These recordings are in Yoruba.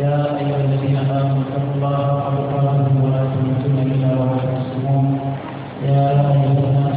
يا أيها الذين آمنوا اتقوا الله حق تقاته ولا تموتن إلا وأنتم مسلمون يا أيها الناس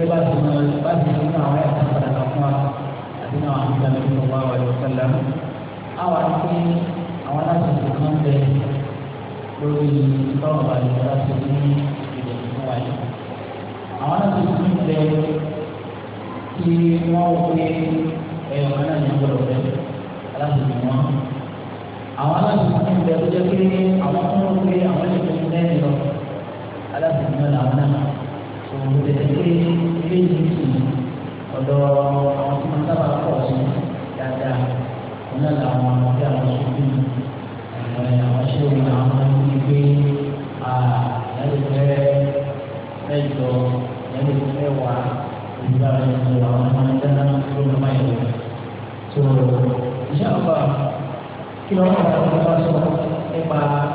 pé bá ti mọ bá ti mọ àwọn ayé àti padà kan fún wa àti náà àwọn ìgbà lórí ọwọ́ àwọn ẹ̀rọ sẹ́lẹ̀ mọ́. àwọn àti pé àwọn aláṣẹ kan bẹ lórí ìtọ́nà bá yẹ kọ́lá tó ní ìdè fún wa yìí. àwọn aláṣẹ kan bẹ kí wọ́n wọlé ẹ̀yọ̀ kan náà ní ọgbọ́dọ̀ bẹ aláṣẹ kan wọn. àwọn aláṣẹ kan bẹ tó jẹ́ pé àwọn tó ń gbé àwọn ẹ̀jẹ̀ tó ń lẹ́yìn lọ aláṣẹ kan náà làwọn náà òun lè ní pé ilé yìí kì í ọ̀dọ̀ àwọn tí wọ́n sábà pọ̀ sí dáadáa wọn náà làwọn ọmọdé àwọn sùkúù àwọn ṣé òun làwọn máa ń ní pé àyàlùfẹ́ mẹ́jọ àyàlùfẹ́ wà ìgbà rẹ̀ làwọn máa ń dáná lórí sọ nípa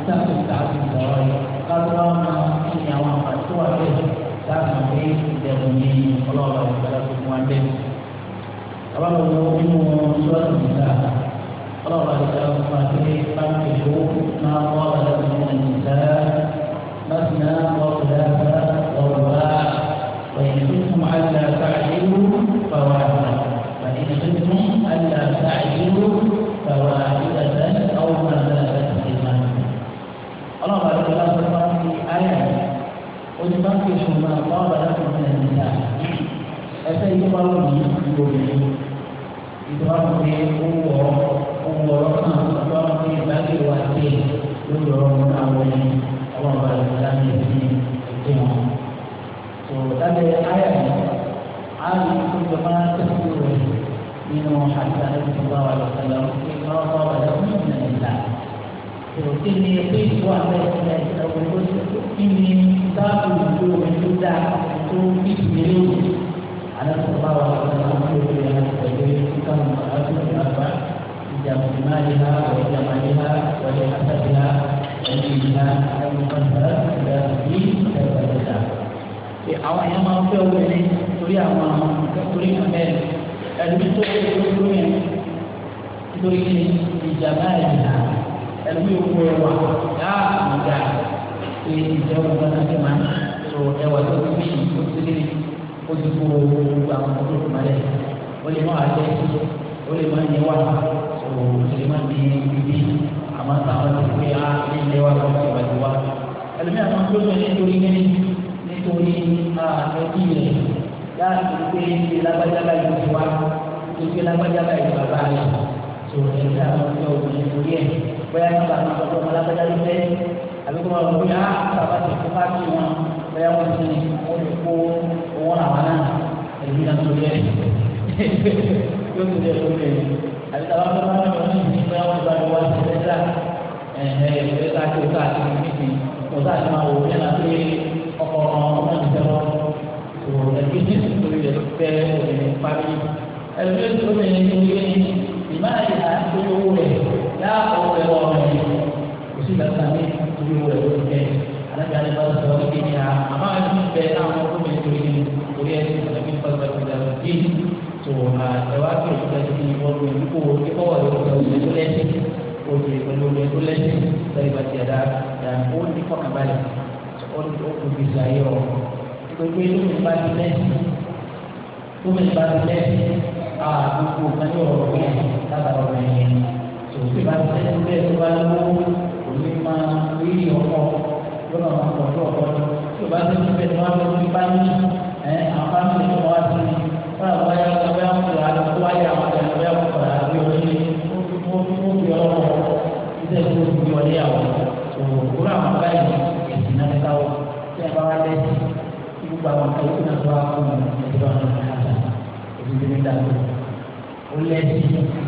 ìtàkùn ìtàkùn ìtàkùn ìtàkùn. tó bá wọn kí ni àwọn àǹfààní tó wà bẹ́ẹ̀ láti mọ̀ pé ìdẹ̀rù ni ọlọ́ọ̀bà ìgbàlá tó fún wa bẹ́ẹ̀. bàbá mi wọ inú sọ́ọ̀tù nìta ọlọ́ọ̀bà ìgbàlá fún wa pé báńkì tó máa wọ́ ọ̀dà nínú nìta مثنى وثلاثة ورباع وإن كنتم ألا تعجلوا فواحدة onígbàkejì ọ̀nà àwọn àbájáde ọ̀nà ìjà ẹsẹ̀ yìí wà lónìí ìlú òyìnbó ìjọba kò ní owó ọ̀rọ̀ owó ọ̀rọ̀ kan ìjọba kò ní ìgbàgbé wa dé lórí ọ̀rọ̀ wọn àwọn ẹni àwọn ọba ìjọba ní ẹbí ẹgbẹ́ wọn. tó lábẹ́ ayà yìí a lè fi ìjọba tẹ̀síwò rẹ̀ nínú àti àdébùsọ̀gbà wà lọ́sẹ̀ lọ́wọ́ pé ọ̀rọ̀ ọ̀rọ̀ ọ̀rọ̀ ọ̀rọ̀ ini itu ada yang tahu itu ini satu itu menjadi itu itu ini ada sebab orang itu yang sebagai kita mengalami apa yang lima lima yang lima lima yang kata dia yang lima akan membantah dan di terbaca. Jadi awak yang mahu tahu ini tulis apa tulis apa dan itu tulis tulis tulis ini di jamaah ẹlòmíì owó ẹwà yá àgbà pé ìjọba ọba náà ti máa tó ẹwà tó ti bíi tó ti lé o ti kó gbogbo àwọn ọmọ tó ti máa lẹ o lè má wà lẹ o lè má yẹ wà o lè má ní ibi àmọ́ táwọn ti pé á ah, ní ilé wa lọ́wọ́ ìwà ti wá ẹlòmíì àwọn tó lọ nítorí kíni nítorí ah, ẹbí rẹ yá ìgbé lágbájára yìí ti wá ìgbé lágbájára yìí bàbá rẹ tó ẹgbẹ́ àwọn ọmọ tó ti torí ẹ̀ bóyá nígbà máa sọ pé ọmọlágbájá ló fẹ́ àbí kó máa lọ bóyá bàbá ti kó bá kí wọn bóyá wọn ti wọn lè kó owó àwọn náà èyí náà tó yẹ yóò tó yẹ lórí ẹ àbí tàbá tó bá tó ní ìdí bóyá wọn bá wá sí ẹgbẹ́ ẹ ẹ ẹ ká tó ká tó ní ìdí kò sáà tó máa wò ó yẹn náà pé ọkọ ọmọ ìjọba tó ẹgbẹ́ ní ìtòrí rẹ fẹ́ òní pàmì ẹgbẹ́ tó bẹ̀rẹ̀ ní ìwé ìmáà yìí àti owó yá ọmọ ẹ wọ ọmọ yìí kò sí ìgbàgbọ́ àti orí owó ẹ̀ lórí bẹ́ẹ̀ alága ni wọ́n sọ ọ́ ní ha àmọ́ ẹ̀ ti bẹ àwọn ọmọ ẹ̀ torí ní orí ẹ̀ ti sọ̀rọ̀ bí pàṣẹ pàṣẹ àti tó ẹ wá pè é pẹ̀lú ní ìwọ́n mi kó o kí kọ́wọ́ rẹ̀ kọ́ ọ̀rẹ́ tó lẹ́sìn o ti pẹ̀lú ọ̀rẹ́ tó lẹ́sìn sọ̀rọ̀ ìbàtì ẹ̀dá ó ní fọkànbalẹ̀ ó kò fi sàyẹ̀ ọ̀ pépé lómi bá ti lẹ́sìn lómi bá ti lẹ́sìn àgbègbè kan ní ọ̀rọ̀ yẹn lábàá ọ̀rọ̀ yẹn òbí bá ti tẹ́lẹ̀ bẹ́ẹ̀ tó bá lówó òní máa rí ọkọ lọ́nà ọkọ̀ tó ọkọ̀ tí o bá ti tẹ́lẹ̀ bẹ́ẹ̀ tó wá lọ́wọ́ bá ní ẹ àpáńtì tó wá sí i wọ́n àwọn ayé ọ̀gá bẹ́ẹ̀ ń kọ̀ àlọ́ tó wáyé àwọn ọ̀gá bẹ́ẹ̀ ń kọ̀ àbí ọ̀ṣẹ́ ó fi ọ̀rọ̀ iṣẹ́ tó fi ọ̀lẹ́ àwọn òwúrọ̀ àwọn báyìí ẹ̀sìn náà ká wọ tí a bá wá lẹ́sìn gbogbo àwọn kan yóò náà tó wá fún mi ẹ̀dọ́ àwọn ọ̀gá àgbà òbí mi dàgbà ó lẹ́sìn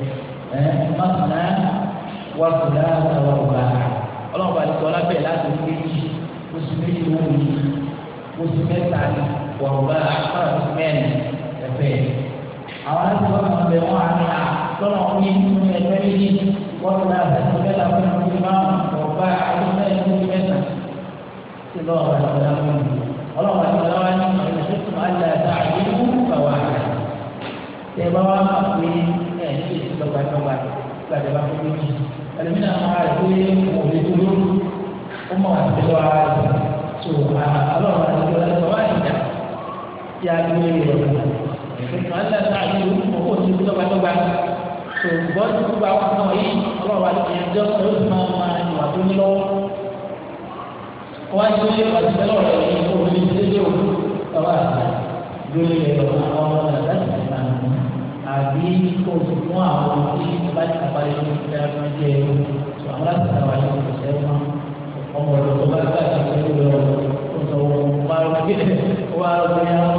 ẹ mọ́tàlá wà fúlá àtàwọn ọ̀gá ọlọ́run bá dìgbò ọlábẹ̀ láti méjì oṣù méjì wọ́n mi oṣù mẹ́ta wà ọ̀gá àtàwọn mẹ́rin ẹ̀fẹ́ àwọn àti wọn kàn bẹ wọn àmì à lọ́nà wọn ní ìlú ẹgbẹ́ méjì wọ́n fúlá àtàwọn mẹ́ta fún ìlú márùn ọ̀gá àtàwọn mẹ́rin mẹ́ta sí lọ́wọ́ àtàwọn mẹ́rin ọlọ́wọ́ àti ọlọ́wọ́ ní ìṣẹ́kùn alẹ́ àtàwọn ìlú kàwá tẹ̀ bá wà á pè é bá dọ́gba gbàdé bá fún méjì ẹlòmínà máa rẹ̀ pé òun lè tó lóru ó mọ̀ àti lọ́wọ́ ara rẹ̀ tó ọlọ́run àti ìjọba ẹ̀ sọ́wọ́ àyíká yá lórí rẹ̀ ìfẹ̀sùn alẹ́ náà ní òkú òsì tó dọ́gba dọ́gba tó bọ́ọ̀dù tó bá wà náà yìí ọlọ́run àti ìjọ yóò fi máa máa ìwà tó ní lọ́wọ́ wọ́n á ti lé ọ̀sẹ̀ lọ́rọ̀ yìí àbí kò fún àwọn tí bá ti parí ní ìgbà máa jẹ tó àwọn láti ta wà ní ọ̀sẹ̀ wọn ọmọ ọ̀dọ́ tó bá gbà tó ń lọ tó sọ wọn wá rọ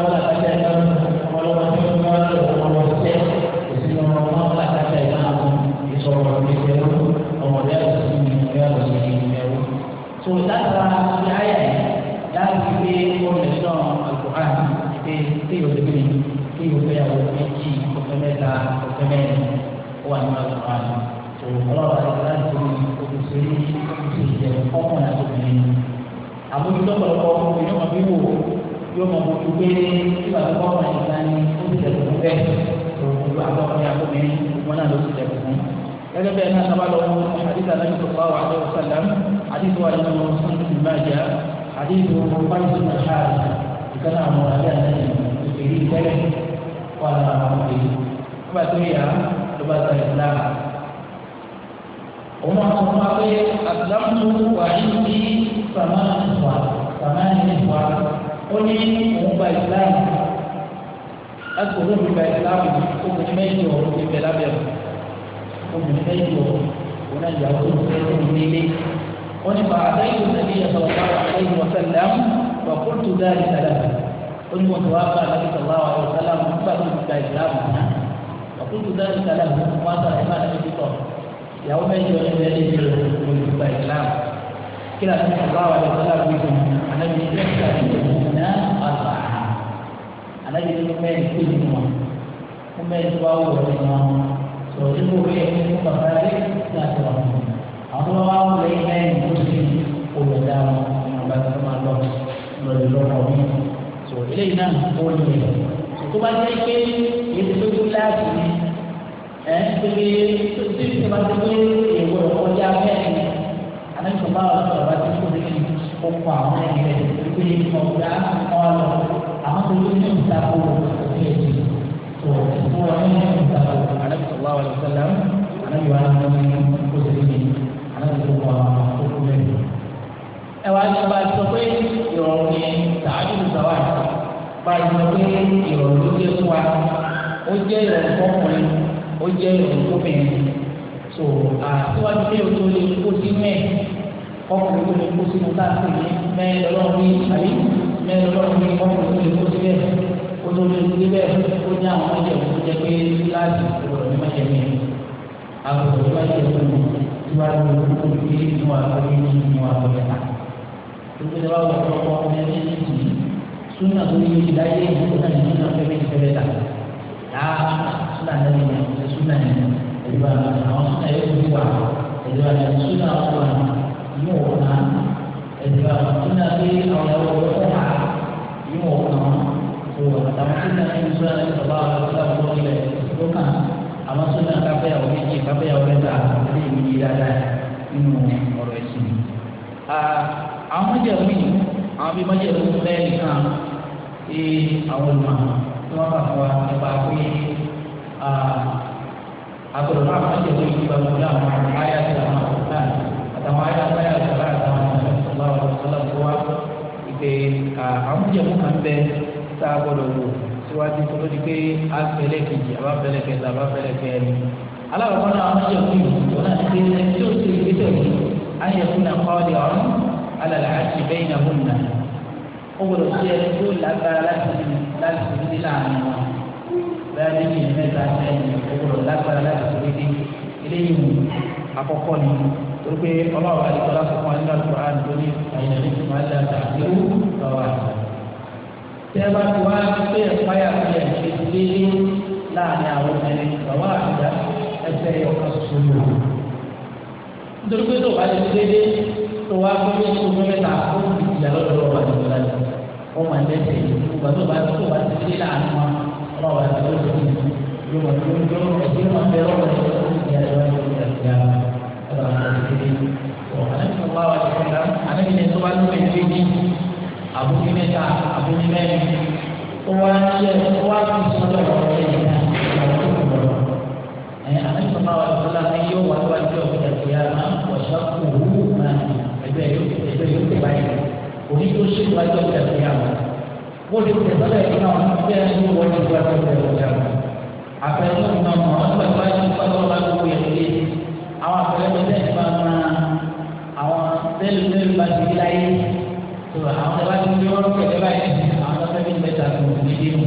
حديث قيس بن الحارث كان عمر على النبي تلك قال عمر ما تريها لباس الاسلام وما صنع اسلمت وعندي ثمان نسوة ثمان نسوة قلي مبا اسلام اذكر مبا اسلام ومن ميت ومن بلابير ومن ميت ونجا ومن ميت wọ́n فأتيت النبي صلى الله عليه وسلم وقلت ذلك له قلت وتوافى النبي صلى الله عليه وسلم فأتوا بالإسلام وقلت ذلك له وأتى الإمام أبي بكر يومئذ يجب من الإسلام كلا النبي صلى الله عليه وسلم يقول أنا من الإسلام أربعة أنا من الإسلام كلهم ومن يتواوى منهم سوى الإسلام كلهم فأتوا àwọn tó bá wà lẹ́yìn lẹ́yìn tó ti olùdá wọn ọba tó máa lọ lọ́dún lọ́wọ́ mi tó eléyìí náà ó lè tó tó bá jẹ́ pé ètò tó kú láti ní ẹ̀ ń pèlè tó ti fi máa ti pé èèwọ̀ ọjà mẹ́rin àlejò bá ẹ wá ọba sọ pé ìrọ̀rùn ni tààdù ìgbàwà bá sọ pé ìrọ̀rùn ló dé fún wa ó jẹ́ ìrọ̀rùn fọkùnrin ó jẹ́ ìrọ̀rùn fọkùnrin so àtiwájú pé o lè kó sí mẹ́ẹ̀ ọkùnrin tó lè kó sínú táàkì ní mẹ́ẹ̀ lọ́wọ́ ní àyè mẹ́ẹ̀ lọ́wọ́ ní ọkùnrin tó lè kó sí bẹ́ẹ̀ o tó lè kó sí bẹ́ẹ̀ ó ní àwọn ọmọdé tó jẹ́ pé láti ìrọ̀rùn àwọn ìrọ̀rùn májẹ̀ mi ti gbogbo ìjọba wà lọ́pọ̀ ọmọ ẹni ní ìdí súnà tó yẹ ti láyé ìlú náà ní súnà fẹ́mi ti fẹ́rẹ́ ta yáa súnà náà ní ìyàwó súnà ní ẹ̀dùn àná àwọn súnà yóò fi wà ẹ̀dùn àná súnà wà yóò wọ̀ náà ẹ̀dùn àná súnà pé àwọn ẹ̀rọ wọ̀ fún wa yóò wọ̀ náà tó wọ̀ àtàwọn súnà ní súnà ní ìjọba àwọn súnà káfẹ́yàwó méjì àwọn májẹ̀mú yìí àwọn bíi májẹ̀mú mẹ́rin náà ṣe àwọn olùmọ̀ tí wọ́n bá fún wa nípa pé àgbọ̀dọ̀ náà májẹ̀mú yìí bá wọlé àwọn àyà tí àwọn àkókò náà àtàwọn àyà àtàyà àtàlà àtàwọn ọ̀sọ̀lá ọ̀sọ̀lá tó wá ìpè àwọn májẹ̀mú kan bẹ tá a gbọ́dọ̀ wò síwájú tó lódi pé a fẹ́lẹ́ kejì àbá fẹ́lẹ́ kẹta àbá fẹ́lẹ́ kẹrin aláwọ̀ kọ́ni àwọn májẹ̀mú yìí wọ́n náà ti ṣe ẹni ṣe ìgbésẹ̀ yìí á yẹ fún alàlà àti bẹ́yìn náà wọ́n nà ó gbọdọ̀ sí ẹni tó lágbára láti láti fi ní láàrin wọn bẹ́ẹ̀ ní ìyẹn mẹ́ta sẹ́yìn ó gbọdọ̀ lágbára láti fi ní eléyìí àkọ́kọ́ ni torí pé ọlọ́wọ́ àdìgbọ́lá fún wa nígbà tó rán lórí àyìnbá ní ìfúnná dá tàbí ó lọ́wọ́ àná. tẹ́ bá ti wá pé ẹ̀fáyà fi ẹ̀ṣẹ̀ délé láàrin àwọn obìnrin lọ́wọ́ àdìgbà ẹsẹ̀ ọ̀kan ṣoṣo lò. nítorí pé tó bá ti délé tó wá fún mi kó fún mi ta kó fi ìjà lọ́dọ̀ lọ́wọ́ àti ìjọba yìí wọ́n máa ń dẹ́sẹ̀ ìgbà tó bá tó bá ti dé láàánú wọn ọlọ́wọ́ àti ìjọba yìí yóò wọ́n yóò yóò ẹgbẹ́ wọn bẹ lọ́wọ́ àti ìjọba yìí wọ́n yóò yà sí ara ọlọ́wọ́ àti ìjọba yìí wọ́n máa ń sọ wá wà lọ́wọ́ àti ìjọba tó bá tó bẹ̀ lé ní àbúkí mẹ́ta àbúkí mẹ́rin ó wá ń yẹ ó wá ń sọ أن الله تعالى يوم القيامة وشقه ما ẹgbẹ́ yóò ẹgbẹ́ yóò tẹ̀ báyìí òní tó ṣe ìwájú ọ̀gá ìgbé àwọn wọ́n ti tẹ̀ sọ́dọ̀ ẹ̀ka wọn bí ẹni tó wọ́n ti gbọ́ ẹ̀ka ìgbé ọ̀gá wọn. àpẹẹrẹ náà máa mọ àwọn ìgbà tó wáyé nípa tó yẹn lé àwọn àpẹẹrẹ tó tẹ̀ nípa máa àwọn tẹ́lẹ̀ tẹ́lẹ̀ bá ti láyé tó àwọn tẹ́lẹ̀ ti fi wọ́n kẹ̀kẹ́ báyìí àwọn tẹ́lẹ̀ mẹ́ta tó wù ní dínú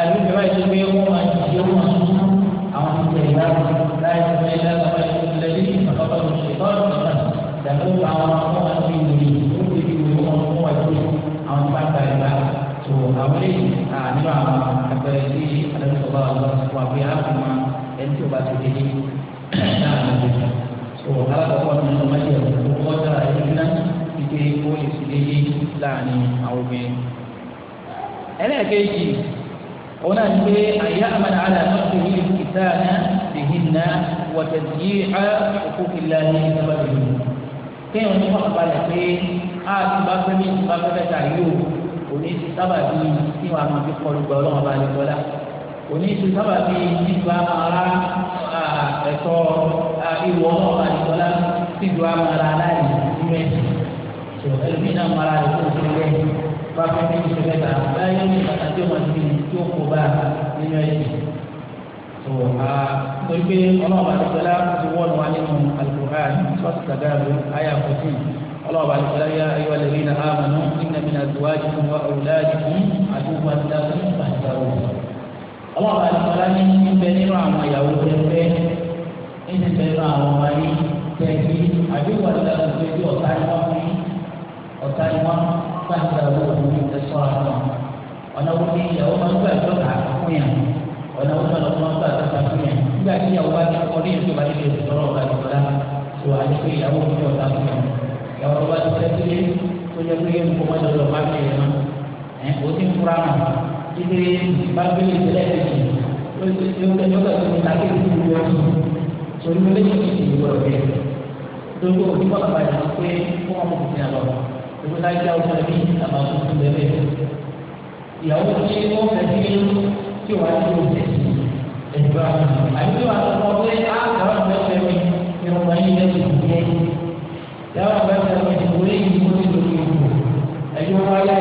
àlùkò báyìí tó gbé wọn máa ti yẹ wọn àwọn tẹ̀lẹ̀ láti láti fẹ́ láti fẹ́ tẹ̀lé àwọn ọmọ wọn ti wù ní ó ti fi wù wọn fún wọn tó àwọn bá ta ìgbà tó àwọn èyí nínú àwọn àgbẹ̀rẹ̀ tí alẹ́sọ̀rọ̀ wà pé á fún ẹni tí bá ti dé ní àwọn ọmọ tó alákọ̀ọ́kọ́ ní ọmọ ẹ̀jẹ̀ tó kọ́ dára ẹni náà ike ó lè fi dé láàrin àwọn obìnrin. ẹlẹ́ẹ̀kejì òun náà ní pé àyà àmàlà àlànà tó ìtàn náà tèhìn náà wọ̀tẹ̀ kéèyàn ní wọn balẹ̀ pé a ti bá fẹ́ mi ti bá fẹ́ fẹ́ ta yìí o òní ti sábà bí tí wàá máa fi kọlu gbọ́ ọlọ́wọ́n bá lè gbọ́ dá òní ti sábà bí tí wàá máa ra ẹ̀tọ́ ìwọ ọlọ́wọ́n bá lè gbọ́ dá tí wàá máa ra aláìní nínú ẹ̀sìn tó ẹlòmíín náà máa ra ẹ̀kọ́ òfin rẹ̀ bá fẹ́ mi ti fẹ́ ta báyọ̀ ní pàtàkì ọmọ ìbí tí ó kó bá nínú ẹ̀sìn. tó a tó gbé ọlọ́ọ̀bà àdìsẹ́lá ti wọ́n wá nínú alukur'an sọ́ọ̀tì sàdáàbò àyà fourteen ọlọ́ọ̀bà àdìsẹ́lá yá ayọ́ lẹ́yìn náà àmàlú nínú mi náà zuwájú fún wa òwúláàdì fún àdúgbò àdìsẹ́lá fún àdìsẹ́lá ọlọ́ọ̀bà àdìsẹ́lá ní níbẹ̀ nínú àwọn ìyàwó tẹ́fẹ́ ní níbẹ̀ nínú àwọn ọmọ yìí tẹ́kí àdúgbò àdìsẹ́lá tó gbé ọ̀tá ọ̀tá ìwọ́n fún àdìsẹ́lá ọ̀nà wo ni ìyàwó máa ń gbà ọ̀nà wọn lọ wọn bá àti ọ̀tá fún yẹn nígbà tí ìyàwó bá ti kọ́ ní ìlú bá ti lè sọ̀rọ̀ ọ̀gá ti kọ́lá tó a ti pé ìyàwó mi ọ̀tá fún yẹn ìyàwó bá ti tẹ́tí lé tó jẹ́ pé nǹkan wọn lọ bá mi yẹn náà ẹ̀ o ti fura mà títí bá gbélé ìtẹ́lẹ̀ tẹ̀lé yóò kẹ́kọ̀ọ́ ta kí ìlú wọ torí wọn lè ti ti wọ ọ̀rẹ́ lórí òbí wọn bá yà pé kó wọn kò tiẹ̀ lọ ìwé láyé àwọn ọmọ mi àbàtúntò bẹ́ẹ̀ ìyàwó tí wọn fẹ́ẹ́ tí wàá ti o tẹ̀ ẹ̀dùn àwọn àbí tí wàá tó kọ́ pé á dáwọn ọ̀gbẹ́ fẹ́ mi ni wọ́n máa yí lẹ́yìn ìgbẹ́ dáwọn ọ̀gbẹ́ fẹ́ mi ni wọ́n yí mo ti lórí ìgbò ẹ̀yọ́ wáyà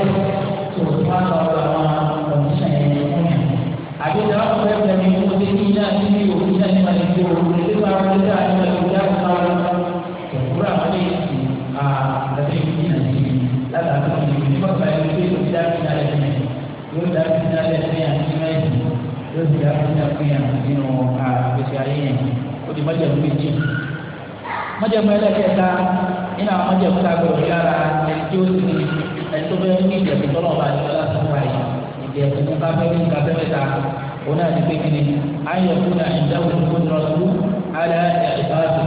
tó o máa lọ ọ̀rọ̀ àwọn ọ̀nìṣàn yẹn fún yẹn àbí dáwọn ọ̀gbẹ́ fẹ́ mi ni mo ti ní nínú àgbèsè ayé yẹn ó di májẹ̀mú méjì májẹ̀mú ẹlẹ́kẹta nínú àwọn májẹ̀mú tá a gbọ́dọ̀ fi ara ẹni tí ó sì ní ẹni tó bẹ́ẹ̀ ní ìjẹ̀bù tọ́lọ̀ bá ní ọlá tó wáyé ìjẹ̀bù tó bá bẹ́ẹ̀ ní ìgbàgbẹ́ mẹ́ta òun náà ti pé kí ayọ̀ fún náà ìdáwó tó ń lọ sí ara ẹ̀ka ìgbà tó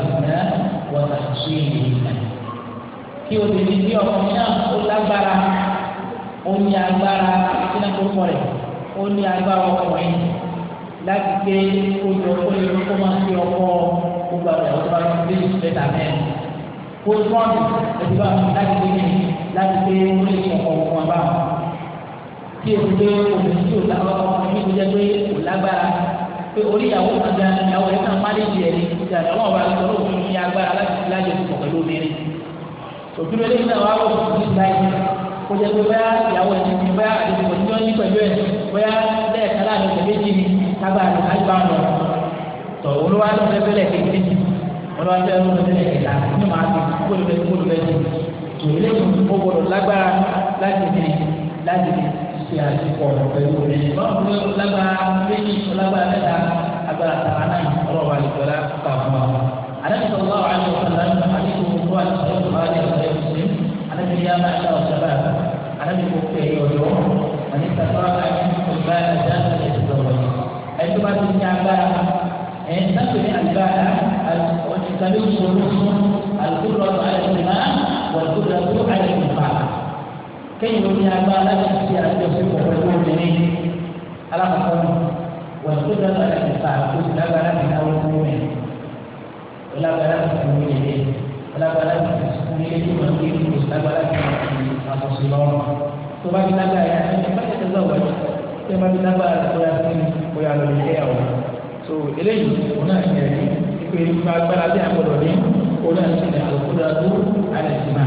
pọ̀ ní agbára ọkùnrin láti ké ojú ọkọ yẹn kó máa fi ọkọ gbogbo àgbà ọ̀tọ̀ àti bíi mẹ́ta mẹ́rin kó tọ́ọ̀nù ẹ̀dí bá mi láti ké mi láti ké orí ìkọ̀kọ̀ fún wa bá kí o pé omi tí o lágbára ọmọ mi kò jẹ́ pé o lágbára pé orí ìyàwó kan gan ìyàwó yẹn kan má lè jẹ ẹni ìjà àwọn ọba sọ̀rọ̀ òfin ní agbára láti fi láyé òkùnkùn pẹ̀lú obìnrin òfin eléyìí náà wà lóògùn ní ìgbà yìí kó jẹ́ pé bóyá ìyàwó ẹni bóyá àdéhùn ìjọ ní pẹ̀lú ẹ̀ bóyá lẹ́ẹ̀kan láàrin ọ̀sẹ̀ méjì ni sábà ní alibanu tọ olúwa ló fẹ́ fẹ́lẹ̀ kékeré olúwa fẹ́ ló fẹ́ fẹ́lẹ̀ kékeré ní màá fi kólu bẹ kólu bẹ tó tó ilé yìí ó gbọ́dọ̀ lágbára láti ní láti ní ṣe àtìkọ pẹ̀lú rẹ báwo ló lágbára méjì lágbára mẹ́ta agbára tàwa náà ọ̀rọ̀ wa lè gbọ́dọ̀ kà fún wa. alẹ́ sọ̀rọ̀ wa àyè ọ̀sán lánàá àti kò kó àti sọ̀rọ̀ wa àyè ọ̀sán yẹn alẹ́ bí yá máa ṣe ọ̀sán báyà alẹ́ bí kò kó ẹ̀yọ̀ ọ̀dọ́ àti sàkọ́rọ̀ àyè ọ̀sán báyà ẹni tó bá ti ní agbára ẹni sáfì ní agbára ọ̀nìkàlẹ̀ òṣòlùsùn àlùkùrọ̀ àlùkùrọ̀ wàlùkùrọ̀ tó àlùkùrọ̀ kéyìn omi agbára láti ṣe àjọṣepọ̀ pẹ̀lú obìnrin alákọ̀ọ́nù wàlùkùrọ̀ àlùkùrọ̀ tó ti lágbára láti káwọn fún mi lágbára láti fún mi lè lágbára láti fún mi lè tó máa ń gbé ìlú lágbára láti fún mi àtọ̀sí lọ́wọ́ tẹ́ bá ti lágbára tó yà sí ní bóyá lọ lè yẹ so eléyìí òun náà yẹ kí ipe agbára bí agbọ́dọ̀ ní òun náà ti ní àlùkòdà tó àlẹsì náà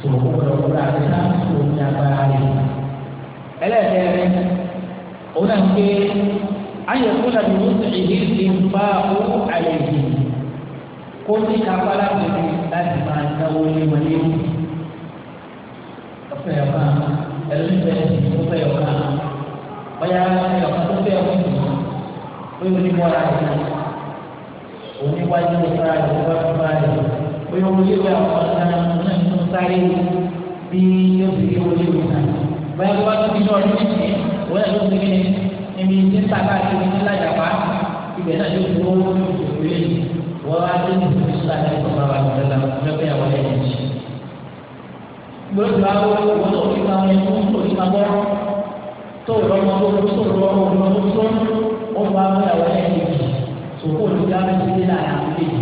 so òun gbọ́dọ̀ kó náà ti náà òun ní agbára rẹ ẹlẹ́ẹ̀kẹ́rẹ́ òun náà ké ayẹ̀kọ́ nàbí wọ́n ti ìdí ìdí bá ó àyẹ̀dì kó ní kápá láti fi láti máa náwó ní wọlé ọ̀fẹ́ ọ̀kan ẹlẹ́fẹ̀ẹ́ ọ̀fẹ́ ọ̀kan bóyá ẹyọ kan tó fẹ́ ọkùnrin yìí bóyá onímọ̀ra rẹ̀ oníwájú ìfara rẹ̀ wájú ìfara rẹ̀ bóyá olóyè wẹ̀ ọ̀kan náà náà ń sáré bí yóò fi yé olóyè wẹ̀ náà bóyá tó bá tó fi ní ọdún méjì wọ́n yà ló ń gbé níbi tí ń sàkà àti ní lájàpá ibẹ̀ náà yóò tó wọ́n yóò tó wọlé wọ́n á dé ní ìfúnṣẹ́ àti ìfọ̀mọ́ tó o lọ́mọ tó o tó o lọ́mọ tó o tó o wá fún ìyàwó ẹ̀yìn sòkò ní dáhùn sí ilé àyà méjì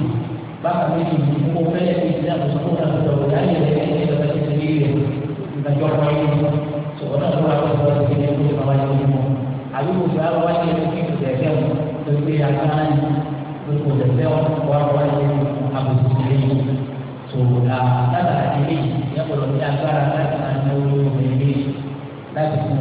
bákan méjì mo fẹ́ ẹ̀ fi ìdílé àkóso tó náà lọ ìyá yẹn lẹ́yìn ẹ̀yìn lọ́wọ́ ti ti rí rẹ̀ ìdájọ́ ọmọ yìí sòkò náà lọ́wọ́ àwọn ọ̀dọ́ ti ní ẹ̀kọ́ ìfọwọ́ yẹn mú àbí mo fẹ́ àwọn wáyé ẹ̀kọ́ kí n tẹ̀ ẹ̀kẹ́ mu tó gbé agbára ní gbogbo ọ̀dẹ̀fẹ́ wọn wáyé àbùkù sòwòlá lábàá ilé yẹpọlọ ní agbára láti máa ń náwó lórí ilé láti fún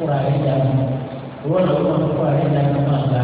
kóra rẹ̀ dànù ìwọ́n náà wọ́n kóra rẹ̀ dànù máa gbà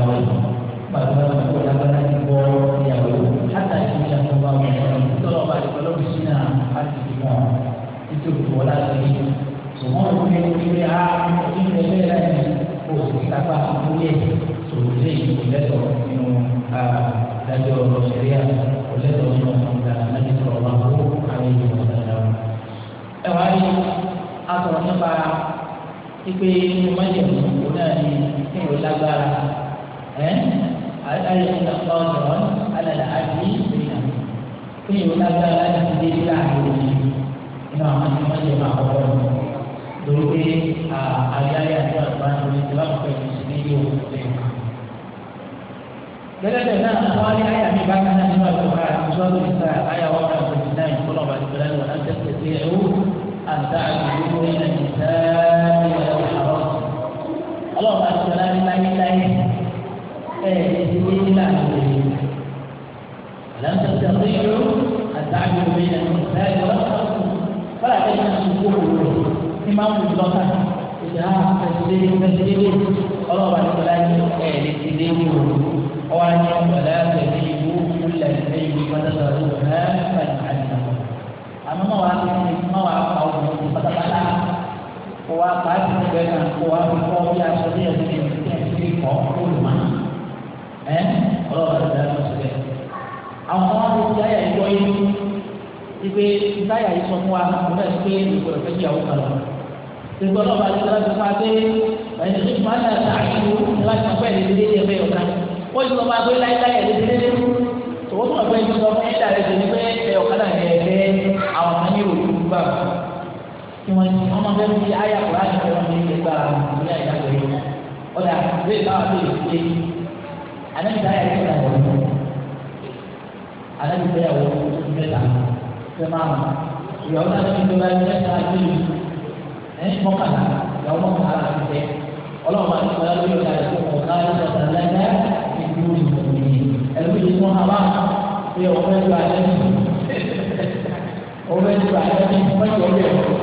bá a lẹ́yìn òun bẹ́ẹ̀ ti bá a lẹ́yìn mọ́tò ọ̀gbẹ́ ọ̀gbẹ́.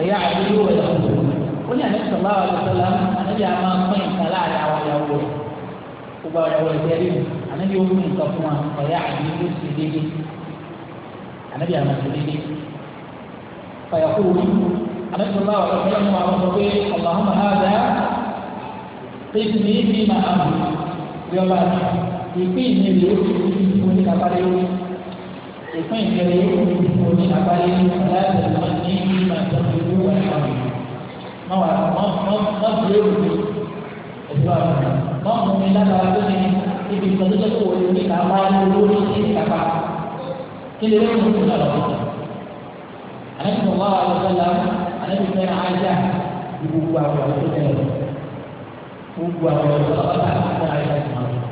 wọ̀yá àdúgbò wọ̀ ẹ̀dá òkú ó ní àdéhùn sọ̀lá wa lọ́sọ̀lá ànábì àmà pín nǹkan láàrin àwọn ìyàwó rẹ̀ gbogbo àwọn ìyàwó rẹ̀ tẹ́lẹ̀ ànábì ó pín nǹkan fún wa wọ̀yá àdúgbò sí dédé ànábì àmà sí dédé fàyàkó wù àdéhùn sọ̀lá wa lọ́sọ̀lá mú àwọn sọ pé Allahumma hadha ìpín ìkẹrẹ yóò fi omi àbáyé láti ẹ̀rọ ní ìgbà tó fi wú wà láwọn má wà má fi èrò mi ẹ̀dọ́ àwọn má mú mi lágbára tó ní ibi ìtọ́jọ́ tó wọ ní ìlànà olórí sí ìkàpá kí lè rí ìlú náà lọ́wọ́. àlejò wọn wà lọ́sọ̀ la àlejò fẹ́ ajá gbogbo àwọn ọ̀dọ́ tó tẹ̀lé gbogbo àwọn ọ̀dọ́ ọ̀dọ́ àti ọ̀dọ́ àìsàn ìmọ̀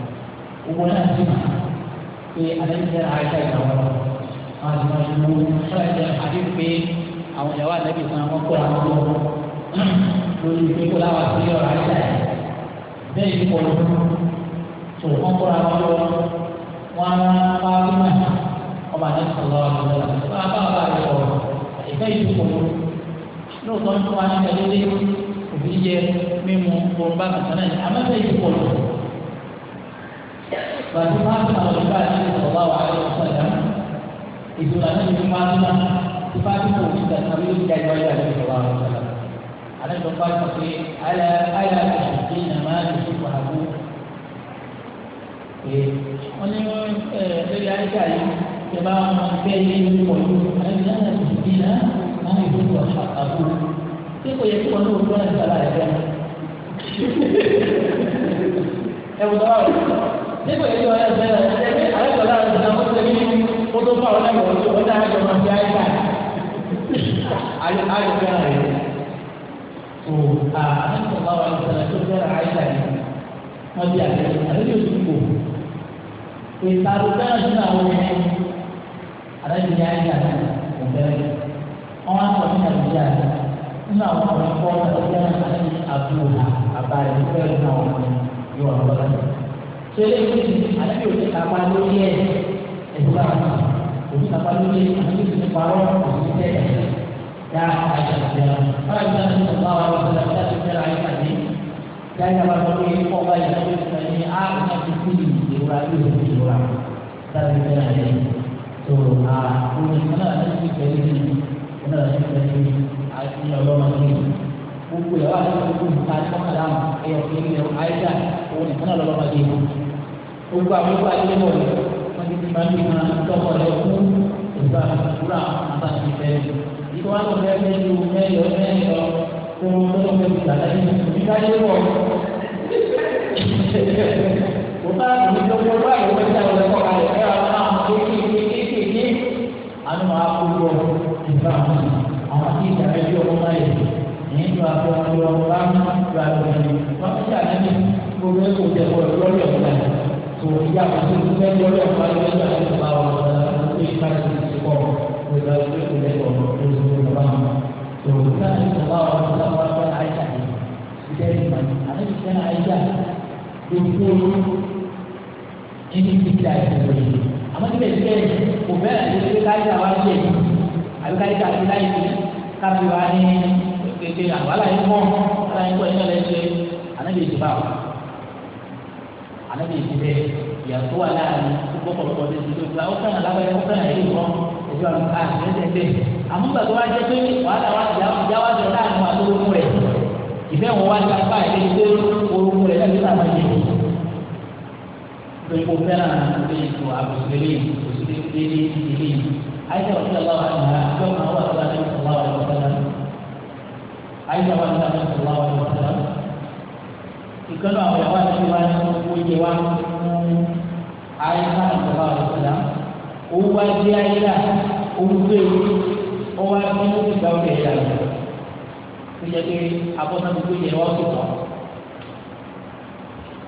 gbogbo náà ti mọ̀ pé àlejò fẹ́ ajá ìmọ̀ wọn àwọn àti wọn ìlú fúnra ẹ̀jẹ̀ àbí pé àwọn ìyàwó àtẹ́bí san wọn kó àwọn tó lórí pé kó láwọn àti ọ̀rọ̀ àti àyè bẹ́ẹ̀ ni kò tó wọn kó àwọn lọ wọn wá wí mà ọmọ àti sọlọ ọ̀rọ̀ wọn bá wà lọ ìfẹ́ ìlú kò lóòótọ́ ń fún wa ní kẹlẹ́lẹ́ òbí jẹ mímu òun bá kàtà náà àmọ́ ìfẹ́ ìlú kò lọ. Bàtí wọn á fi àwọn ìgbà àti ìsọ̀rọ̀ wa àwọn ìsọ̀rọ̀ ìdúrà náà ní fatima tí fatima ò ní gbàgbọ́ ló ń jáde wáyé àti ìjọba àwọn ọ̀sán àlẹ́ tó fatima pé ayé ayé àti ìnàmá ní ìfọ̀ àbú wọ́n ní lórí ayíṣà yìí ṣe bá wọn fẹ́ yé ní pọ̀jù àyè náà ti di náà náà ní ìfọ̀ àbú tí kò yẹ kí wọn lóòótọ́ náà sábà rẹ̀ bẹ́ẹ̀ ẹ̀ wọ́n sọ́wọ́ tí kò yẹ kí wọn lóòótọ́ náà sábà rẹ̀ bẹ́ẹ̀ kó tó fà ọ́ lẹ́yìn wọn tó ọjà àjọ máa fi àyíká àyè fẹ́ràn rẹ̀ tó àtàkùn bá wà lọ́sọ̀rọ̀ tó fẹ́ràn àyíká yìí wọ́n di àlẹ́ àlejò tó kù ìtàkùn fẹ́ràn sínú àwọn ẹni àlejò ní àyíká kò fẹ́ràn ọ̀hún àtọ̀mí àlejò àti nínú àwọn ọ̀rẹ́ kọ́ ọ̀rẹ́ fẹ́ràn àti àbúrò àbáyé fẹ́ràn náà yóò wà lọ́wọ́ ṣe é lè fi àlejò ti kà ẹ̀dúrà òbí nàbà lórí àti ìpínlẹ̀ parọ́ òbí tẹ̀ yá àjà àjà báyìí náà ní ọ̀gá wa wọ́n ti láti fẹ́ra ayé kàdé yá ìyá wa lọ lórí kọ́ báyìí náà lórí ìfẹ́ ní àrùn náà ti kú ìdìbò àti ìdìbò ìdìbò láti fẹ́ra ayé tó a omi náà ti fi fẹ́rẹ́ ní náà ti fẹ́rẹ́ ní àti ọlọ́mọdé gbogbo ẹ̀ wá lọ́wọ́ gbogbo nǹkan tí wọ́n kàdá ẹ̀yọ̀ kiri ẹ̀yọ̀ àyíká òun nìkan náà lọ́lọ́mọdé gbogbo àwọn ìgbà tí báyìí máa ń tọkọ rẹ kú ìgbà àdúrà àbájáde bẹ́ẹ̀. ìgbà wà lóun ẹgbẹ́ ju mẹ́yọ mẹ́yọ tó ń tó ń bẹ gbà láyé nígbà yé wọ̀. kò bá àgbẹ̀ tó kọ́ bá àwọn ọmọdé àwọn ẹ̀kọ́ kalẹ̀ ẹ̀ àwọn àwọn kéékèèké àwọn máa kó lọ ìgbà àwọn tí ìgbà rẹ̀ bí ọmọ náà yẹ èyí tó àfọwọ́ lọ bá ń gbà lọ́wọ́ wọn fi àgbẹ̀ gbogbo ẹ̀kọ́ tẹ̀ kọ́ lọ́lọ́ tó yá àti ìgbẹ́ ní ọlọ́ ọ̀pá ẹgbẹ́ ìgbà tó bá wọn lọ sí ìgbà tó ti pọ̀ nígbà tó ti lẹ̀ pọ̀ lóṣù tó lọ́wọ́ àwọn tó nígbà tó ti bá wọn lọ sí ọ̀pá àyíká yìí ìgbẹ́ ìgbà àti ìgbẹ́ àyíká gbogbo ẹni tí kí àyíká yìí àmọ́ níbẹ̀ ìgbẹ́ kò bẹ́ẹ̀ àti káyíká wá ṣe àbí káyíká àti láyé káfíwá ní kékeré àwọn aláìkọ́ aláìkọ́ ẹ̀ ànábì ìdílé ìyàtọ̀ wà láàrin gbogbo ọ̀pọ̀lọpọ̀ ọdún ìdílé gba ó fẹ́ràn lágbára ó fẹ́ràn èyí wọn èyí wọn ká àtẹ̀tẹ̀tẹ̀ àmúgbà tó wá jẹ́ pé wàhálà wa ìjà wa jọ láàrin wa lórí mú rẹ̀ ìfẹ́ wọn wá ní apá ìdílé pé orú mú rẹ̀ lẹ́yìn náà yẹ gbogbo fẹ́ràn àti ètò àbùsùlélẹ̀ òsùlélẹ̀ ìdílé àyíṣà wà nílẹ̀ láwà ní àjọ àwọn àwọn àti àjọ àwọn àwọn àti àjọ àwọn àti àjọ àwọn àti àjọ ìkànnì àwọn ìyàwó àti ìwà ní owó yẹ wá fún àyíká ìjọba ọ̀sẹ̀dá owó wá dé àyíká owó gbé owó wá dé ní ìgbà òkè ìyá rẹ̀ tó yẹ pé abọ́sán gbogbo yẹ wọ́n ti tọ̀.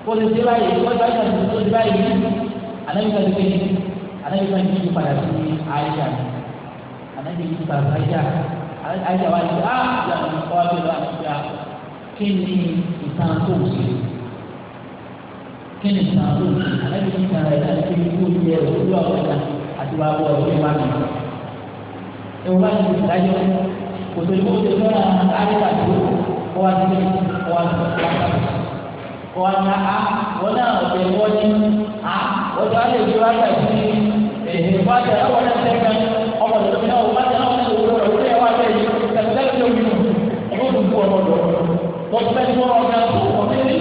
kó lè dé báyìí wọ́n ti báyìí tó ti báyìí anábìyí kan ti kéde anábìyí kan ti yí padà sí àyíká anábìyí kan ti padà sí àyíká àyíká wa ti ah ìyá mi kọ́ wa bí ọ̀la mi fi àpò kí ni ìtàn tó ń ṣe kí ni ìtàn tó ń ṣe àlẹ́ mi ìtàn rẹ̀ náà kí ni kó yẹ òwúrọ̀ ọ̀gá àti wàá bọ̀ ọ̀gbẹ́ wa mi. ewu wá ní ìdájọ́ kò tó ní kó tó lọ́ra àríwá tó kó wá sí kó wá sí kó wá sí kó wá ní a wọ́n náà ọ̀gbẹ́ wọ́n ní a wọ́n tó wá lè gbé wá gbà sí èhè wá tẹ̀ ẹ́ wọ́n náà tẹ̀ ẹ́ wọ́n ti bẹ́ẹ̀ wọ́n ọ̀gá tó wọ́n bẹ́ẹ̀ lé.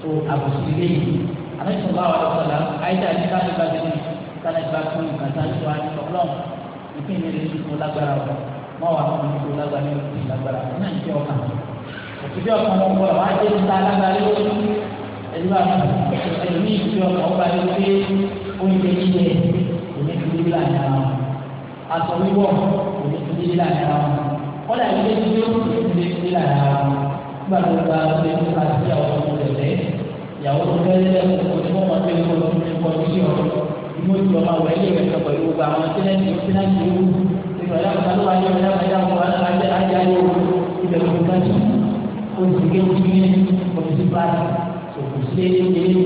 tó àbùsùn ilé yìí àmẹ́sùn bá wà lọ́sọ̀lá àyíká ní káàdì bá dé ní káàdì bá tó nǹkan tá a ti wá ní ọlọ́run ìpín mi lè ní kó lágbára wọn mọ́ wà fún mi kó lágbára ní kó lágbára wọn náà ń jẹ́ ọkàn òtújọ́ ọkàn wọn kọ́ wá dé níta lágbára lórí ẹni bá ẹni ìtújọ́ ọkàn wọn bá dé pé oúnjẹ yíyẹ òní kiri láàyè ara wọn àtọ̀ wíwọ̀ òní kiri láàyè ara wọn kọ́lá ilé tí yóò tún lè fi lára nígbà tó gba ọdún tó ká sí àwọn ọmọ rẹ̀ lẹ́ ìyàwó tó fẹ́ lẹ́ onímọ̀ wọn tó ń bọ̀ tó ń bọ̀ sí ọ ìmọ̀ ìjọ máa wọ ilé rẹ̀ pẹ̀lú gbogbo àwọn tẹ́lẹ̀tì ó tẹ́lẹ̀ tó wù ìgbà yàrá kan ló wà ní ọ̀rẹ́ àgbàdá wọn ajá ajá yóò ibẹ̀ ló ká sí olùdíje ojú ní ojú bá òkú sí eléyìí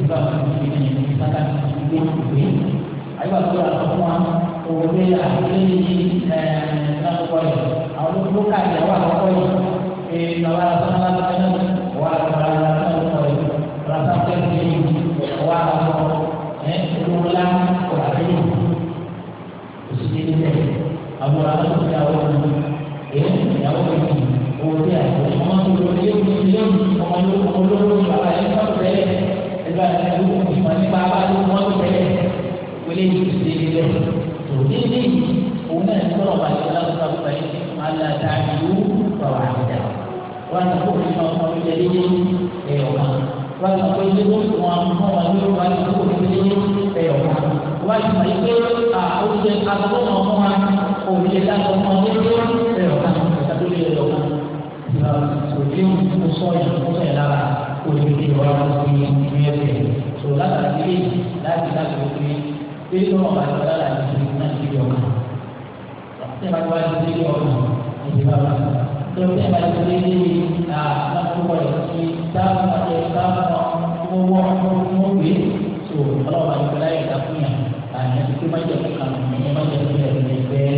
ìgbà wọn ti fi ní ìgbà ìgbé ìgbé àyíká tó wà fún wa òwò àwọn olùkọ́ káàdì àwọn àkọ́kọ́ yìí ee bàbá àtàwọn alágbèéná wà bàbá àtàwọn ọkọ yìí bàbá àtàwọn yìí wà àwọn ẹ olùwọlá wà lẹ́yìn òṣìṣẹ́ níbẹ̀ àwọn alágbèéná ìyàwó mi ẹ ìyàwó mi kì owó tí a yẹ ọmọ tó lọ ilé mi ilé mi ọmọ yóò kọ olóró bàbá yẹn tó bẹ́ẹ̀ ẹgbẹ́ àti ẹgbẹ́ òkú ìmọ̀ nípa abáyé wọn tó bẹ́ẹ̀ wọlé yìí ti dé ilé tó dé dé yìí òun náà ń sọ̀rọ̀ bàjẹ́ láti sọ̀rọ̀ bàjẹ́ ala ta'adu sọ̀rọ̀ àbíjà wọn ti kó nínú ọmọ mi jẹ dédé ẹ̀yọ̀ kan wọn ti kó ilé tó fún wọn fún wọn lórí wọn ti kó nínú dédé ẹ̀yọ̀ kan wọn ti mọ̀ pé àwùjẹ agbó wọn fún wọn òwúlẹ̀ dáko fún wọn dédé ẹ̀yọ̀ kan tàbí ẹ̀yọ̀ kan òbí mo sọ yẹn mo sọ yẹn lára òbí mi wà lórí mi ẹsẹ̀ tó látàrí láti láti òbí bí wọn bá yọ lára ìdílé náà ti yọ kan tí ìbá ti wá ti dé ọ̀nà ìdí bàbá tó tí ìbá ti dé ní àlàkùkọ rẹ̀ kí dáhùn àti dáhùn ọmọ wọ́ ọmọ gbé tó ọlọ́wọ́ àyùkọ́ láyé ìdáfúnyà àyàn ti tó má jẹ́ kí kan ìyẹn má jẹ́ kí ẹ̀rọ ẹgbẹ́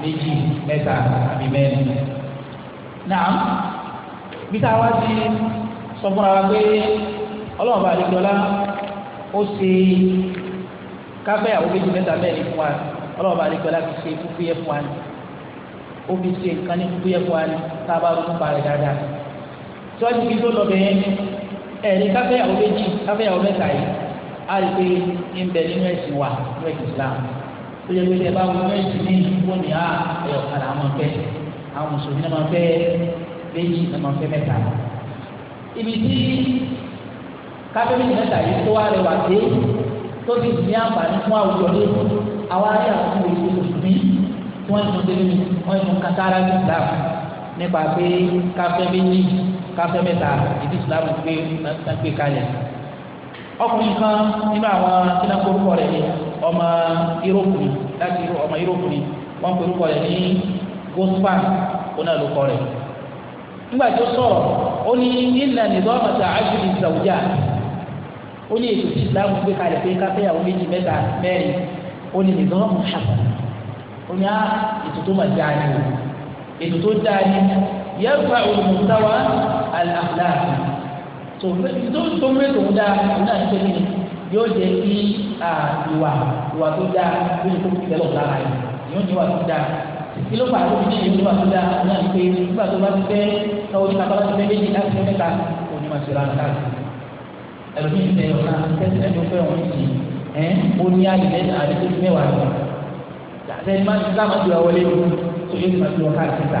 méjì mẹ́ta àbí mẹ́rin. Nàá bí wá sí sọ fúnra wa pé ọlọ́wọ́ bá ó ṣe káfẹ́ méjì mẹ́ta mẹ́rin fún wa ọlọ́ọ̀bà àdìgbọ́lá fi ṣe fúfú yẹ fún wa ni ó fi ṣe nǹkan ní fúfú yẹ fún wa ni tá a bá ronú pa rẹ̀ dáadáa tíwájú kí tó lọ bẹ̀ yẹn ẹ̀rí káfẹ́yàwó méjì káfẹ́yàwó mẹ́ta yìí á rí pé ń bẹ nínú ẹ̀sìn wa nínú ẹ̀sìn Islam ó yẹ pé ẹ bá wọn ẹ̀sìn ní ìbò ní à ẹ̀ ọ̀kadà àwọn ọ̀fẹ́ àwọn mùsùlùmí náà máa fẹ́ méjì náà máa fẹ́ mẹ́ta ibi tí káfẹ́ méjì mẹ́ta yìí tó wá rẹwà dé tó ti ní àǹfààní fún àwùjọ ní ìbò àwọn ayé àwọn tó lè mùsùlùmí tí wọ́n tún délé wọ́n ní islam nípa pé káfẹ́ méjì káfẹ́ mẹ́ta ìdí islam gbé gbé kalẹ̀ ọkùnrin kan nínú àwọn sinakorúkọ rẹ̀ ọmọ irókùnrin láti ọmọ pe orúkọ ní nígbà tó sọ̀rọ̀ ó ní ilẹ̀ nìdọ́ ìsàwùjá ó ní ètò gbé kalẹ̀ pé káfẹ́ àwọn méjì mẹ́ta mẹ́rin ó ní nìkan mú ṣàpà ó ní á ah, ètò tó mà dáa ni o ètò tó dáa ni yẹ́pà olùmọ̀tàwá àlàfíà tó tó tó mẹ́tò ń dáa òun náà ń pè ní yóò jẹ́ kí ìwà ìwà tó dáa ló ní kó fi tẹ́lọ̀ lára yìí yóò ní ìwà tó dáa kí ló fàá tó fi ní ìlú ìwà tó dáa òun náà ń pè nígbà tó bá ti fẹ́ náà ó ní kápá láti fẹ́ méjì láti fẹ́ mẹ́ta òun ni màá ṣe ra nǹkan ẹlòmíì fẹ́ ọ̀la tẹ́sí ẹni fẹ́ òun ní ẹ ó ní àyẹ̀lẹ́ àti tó mẹ́wàá lọ àtẹni máa ti sáà máa ju àwọlé mi tó yẹ kí máa ju ọkà àti ta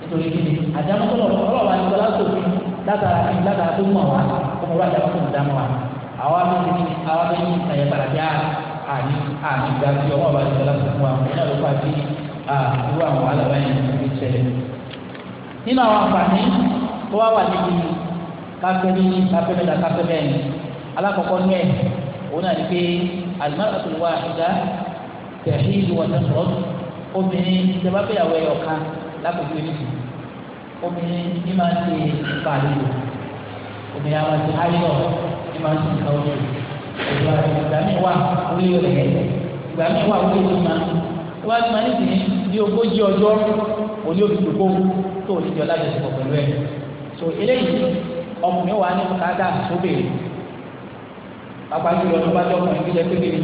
nítorí kí ni àdámọ́ ọlọ́wà ní ọlá sòfin látara kí látara tó mọ̀ wá ọmọ wa àdámọ́ tó ń dámọ́ wa àwa bẹ ní àwa bẹ ní ìtàyẹ gbàdájà àní àní gba ti ọmọ wa ní ọlá sòfin wa ẹ̀yìn àlọ́ fà bí irú àwọn alàbá yẹn ti ṣẹlẹ̀. nínú àwọn àǹfààní tó wá wà níbi káfẹ́ ní káfẹ́ mẹ́ta káfẹ́ mẹ́rin alákọ̀ọ́kọ́ ní ẹ̀ òun náà ní pé al-mar'atu al-wahida tahidu wa tas'ud obìnrin ìjọba fẹ́yàwó ẹ̀yọ̀ kan lákòókò ìlú obìnrin ní máa ń ṣe ìfà àlejò obìnrin àwọn ti ayọ̀ ní máa ń ṣe ìfà òjò ìgbà ìgbà mi wà orí rẹ̀ ìgbà mi wà orí rẹ̀ máa wá sí máa ń sìn ní ogójì ọjọ́ òní òfìdókò tó òní jọ lábẹ́sẹ̀ pọ̀ pẹ̀lú ẹ̀ so eléyìí ọkùnrin wà ní bùkátà sóbèrè pápá yìí lọ́nà bá jọ́ ọkùnrin kíjẹ kékeré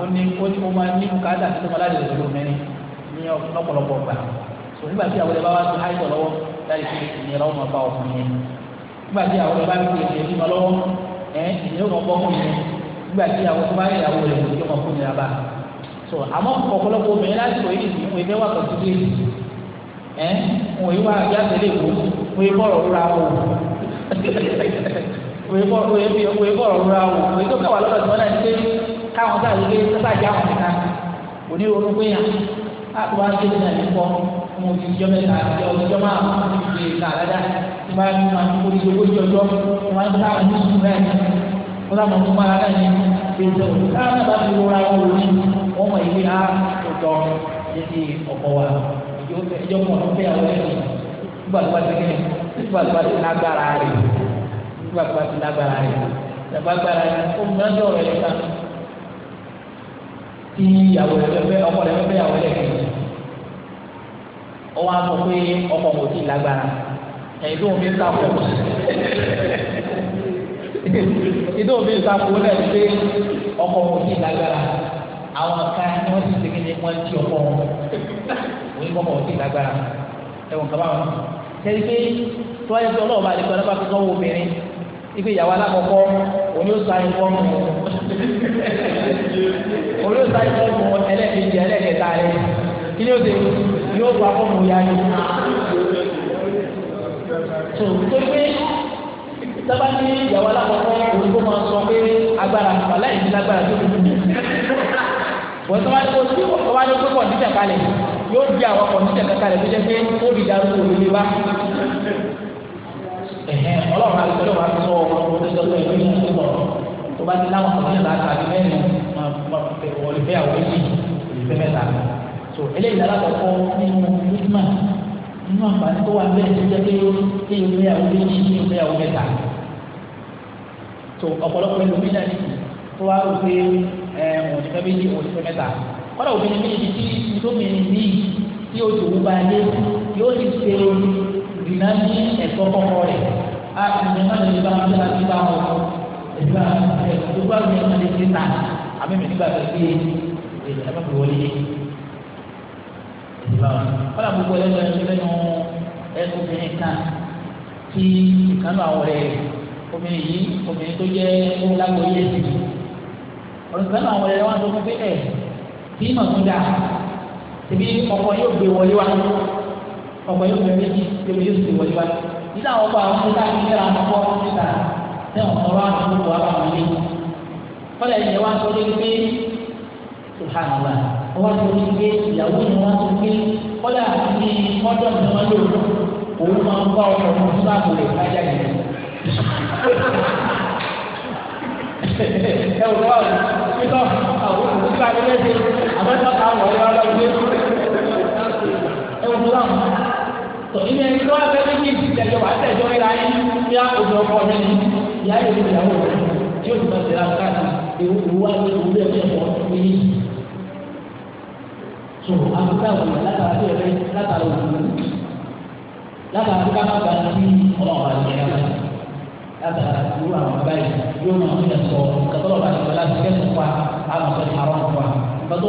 ó ní ó ní mo máa ní bùkátà tó máa láti lọ́dọ̀ mẹ́rin ní ọ̀pọ̀lọpọ̀ gbà so nígbà tí àwọn ẹ̀rọ bá wá sí àìsàn lọ́wọ́ láì fi ìnira ọmọ bá ọkùnrin yẹn nígbà tí àwọn ẹ̀rọ bá fi ìnira ìnira lọ́wọ́ ẹ̀ ìnira ọmọ bọ́kùnrin yẹn nígbà tí àwọn tó bá yẹ àwọn ẹ̀rọ tó máa fún ìnira bá so àmọ́ ọ̀pọ̀lọpọ̀ obìnrin láti kọ̀ yìí ìwé fẹ́ wà pẹ̀lú ilé ẹ̀ òun yìí wà yá tẹ̀lé òye bọ̀ òye fi òye bọ̀ ọ̀rọ̀ ra wọn òye tó kẹwàá lọ́dọ̀ tí wọ́n náà ti pé káwọn sáà lè gbé sáàjì àwọn nìkan kò ní ronú pé yàn àti wọn á gbé nínú ẹ̀mí pọ̀ mo ti jọ mẹ́ta àti ọjọ́ máa ti fi ìta àdáda tí wọ́n á ní wọn kó ti owó jọjọ́ tí wọ́n á ní káwọn ní sùn rẹ̀ wọ́n sá mọ̀ fún wọn alága ní gbèsè òkú káwọn náà bá fi wọ́n ra wọn lórí wọ́n mọ̀ ìwé á tọ̀tọ̀ létí ọ̀pọ̀ wa ìjọ mọ̀ fún bẹ́ẹ̀ àwọn ẹ̀mí nígbà tó bá ti kẹ́ nígbà tó bá ti lágbára rẹ̀ tí bàbá bá ti lágbára rẹ̀ bàbá gbára rẹ̀ ó mú náà dọ̀rọ̀ ẹ̀ kan tí ìyàwó rẹ̀ fẹ́ ọkọ rẹ̀ fẹ́ ìyàwó rẹ̀ kejì ó wá sọ pé ọkọ kò tí ì lágbára ẹ̀yìn tó ń fi sàkó ìdó mi sàkó lẹ̀ pé ọkọ kò tí lágbára àwọn ká ni wọ́n ti segin ní wọ́n ti ọkọ wọn òun kọ́ kò tí lágbára ẹ̀wọ̀n kaba wọn tẹ́lifí tó ayé tó ọlọ́ọ̀bá àdìgbò ọlọ́ba tó tọ́wọ́ obìnrin ife ìyàwó alákọ̀ọ́kọ́ òní ó sa ẹ̀kọ́ mu òní ó sa ẹ̀kọ́ mu ẹlẹ́ẹ̀kejì ẹlẹ́ẹ̀kẹta rẹ kí ni ó ṣe yóò wá fọ́ọ̀mù ya ni. tó tó pé sábà ní ìyàwó alákọ̀ọ́kọ́ òní kó máa sọ pé agbára wàláì ní lágbára tó dùn mí. wọ́n sábà ní kó tí wọ́n bá ní pé kọ̀ǹdíṣà kalẹ̀ yóò di àwọn kọ̀ǹdíṣà kankalẹ̀ tó jẹ́ pé ó rí darúgbó òní ọlọ́run àti ọlọ́run àti sọ ọmọ ọmọ tó sọ ẹgbẹ́ yẹn ti sọ tó bá ti láwọn ọmọ yẹn láti àti mẹ́rin olùfẹ́ àwọn èyí olùfẹ́ mẹ́ta tó eléyìí lálákọ̀ọ́kọ́ nínú mímà nínú àǹfààní tó wà bẹ́ẹ̀ tó jẹ́ pé kí olùfẹ́ àwọn èyí kí olùfẹ́ àwọn mẹ́ta tó ọ̀pọ̀lọpọ̀ ẹlòmínà ni tó wá rò pé olùfẹ́ méjì olùfẹ́ mẹ́ta kọ́dà obìnrin méjì tí ìdómìnrin míì tí ó dòwú bá dé yóò ti ṣe ìná ní ẹ̀tọ́ kọ́kọ́ rẹ̀ a ìyẹn má lè bá wọn bí wọn bá wọn ẹ̀dùn àwọn ẹ̀dùn bá wọn ẹ̀dùn lè ti ta àmì mi nígbà tó gbé ẹ̀dùn mi wọlé ẹ̀dùn bá wọn. kọ́lá gbogbo ẹlẹ́nu ẹlẹ́nu ẹ̀dùn obìnrin kan tí ìkànnì àwọn ọ̀rẹ́ obìnrin yìí obìnrin tó jẹ́ ọ̀làgbọ̀ yẹ̀ sí ọ̀rùnkànnì àwọn ọ̀rẹ́ wọn tó fún pé ẹ̀ tí màmú dà tẹ̀bí ọkọ yóò gbé wọlé wa ọkọ̀ yóò fẹ́ méjì yóò yóò sì wọlé wájú nígbà àwọn ọkọ̀ àwọn ọmọdé àti ìlera àkọ́kọ́ níta tẹ̀wọ̀n ọ̀rọ̀ àwọn ọmọdé wà bàmí lé kọ́lẹ̀ ìyẹn wá sọ lé pé sùhàmùlà wọ́n sọ lé pé ìyàwó ni wọ́n sọ pé kọ́lẹ̀ àti mọ́tò ni wọ́n lò òun máa ń bá ọkọ̀ fún sáàbù rẹ̀ lájà yìí ẹ tò nínú ẹni tó wá fẹ́ méjì ìtẹ̀jọ́ wà tẹ̀jọ́ ríra yín ní àkójọ ọkọ rẹ ni ìyá yóò fi ìyàwó rẹ tí yóò tún ṣe láǹkàtà ewu wá ní ìwúlò ẹ̀jẹ̀ mọ́ níyì. tó àbúkà wò látara tó yẹ látara òkú látara tó ká má ba sí ọmọ àgbẹ̀ yàrá látara irú àwọn abáyé yóò máa ń yẹsọ sọ kẹtọ́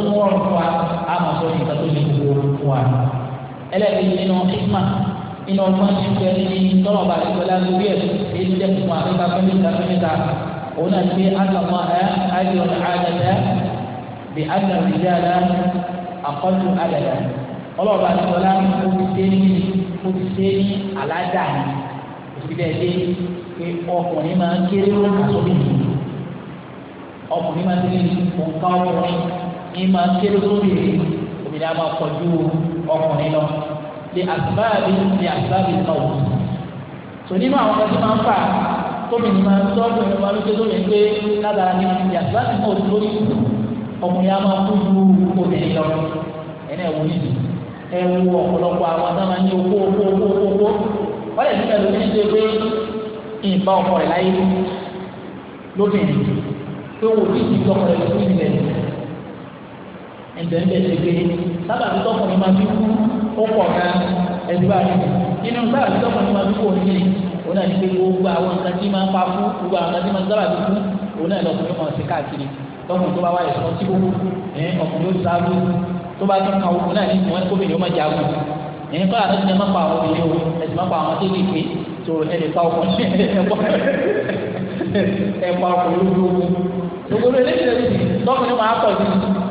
mú ọ̀rọ̀ fa àmọ̀ ẹlẹ́ẹ̀kejì nínú hikma nínú ọgbọ́n ti fẹ́ ní tọ́lọ̀ bá ti gbọ́dá lórí ẹ̀ èyí ti dẹ́kun fún àríkà fẹ́mìtà fẹ́mìtà òun náà ti àtàwọn ẹ̀ àjọ àdàdà bí àdà rìjàdà àkọ́jú àdàdà ọlọ́ọ̀bá ti gbọ́dá ó ti dé ní ó ti dé ní àládà ní òsibẹ̀ dé pé ọkùnrin máa kéré ó kàtóbi ọkùnrin máa kéré kéré ó obìnrin a máa kọjú ọkùnrin lọ lè àtúbáàbí lè àtúbáàbí náà wò tò nínú àwọn ọmọdé máa ń fà tómìnì máa ń tọ́ tómìnì máa ń gbé tómìnì gbé lábàrá ní lè àtúbáàbí náà wò lórí ọkùnrin a máa kú ju obìnrin lọ ẹni ẹ̀wọ̀n yìí ẹ̀wù ọ̀pọ̀lọpọ̀ àwọn tó máa ń ní owó owó owó owó wọ́n lè ní ẹlòmíín ṣe pé ìbá ọkọ rẹ̀ láyé lóbìnrin pé wò ní ìdí ọkọ rẹ̀ lóbìnrin lẹ́nu ẹ̀ńdẹ̀ńdẹ̀ ti gbé sábà tó tọkùnrin máa fi kú ó pọ̀ ká ẹ̀dí bá mi nínú sábà tó tọkùnrin máa fi kú òní òun náà ní pé gbogbo àwọn nǹkan tí máa ń pa kú gbogbo àwọn nǹkan tí máa ń sábà fi kú òun náà lọkùnrin máa ti káàkiri tọkùnrin tó bá wáyé sọ tí gbogbo ẹ ọkùnrin ó sáájú tó bá tún ka òun náà ní ìwọ̀n kó bìnrin ó máa jagun ẹ̀yin kọ́ àtúntò ẹ̀ má pa àwọn obìnrin o ẹ̀sìn má pa àwọn kéékèèké tó ẹ̀ lè pa ọkùnrin ẹ̀ pa ọkùnrin lójú ogun gbogbo eléyìí lọ́kùnrin máa pọ̀ sí i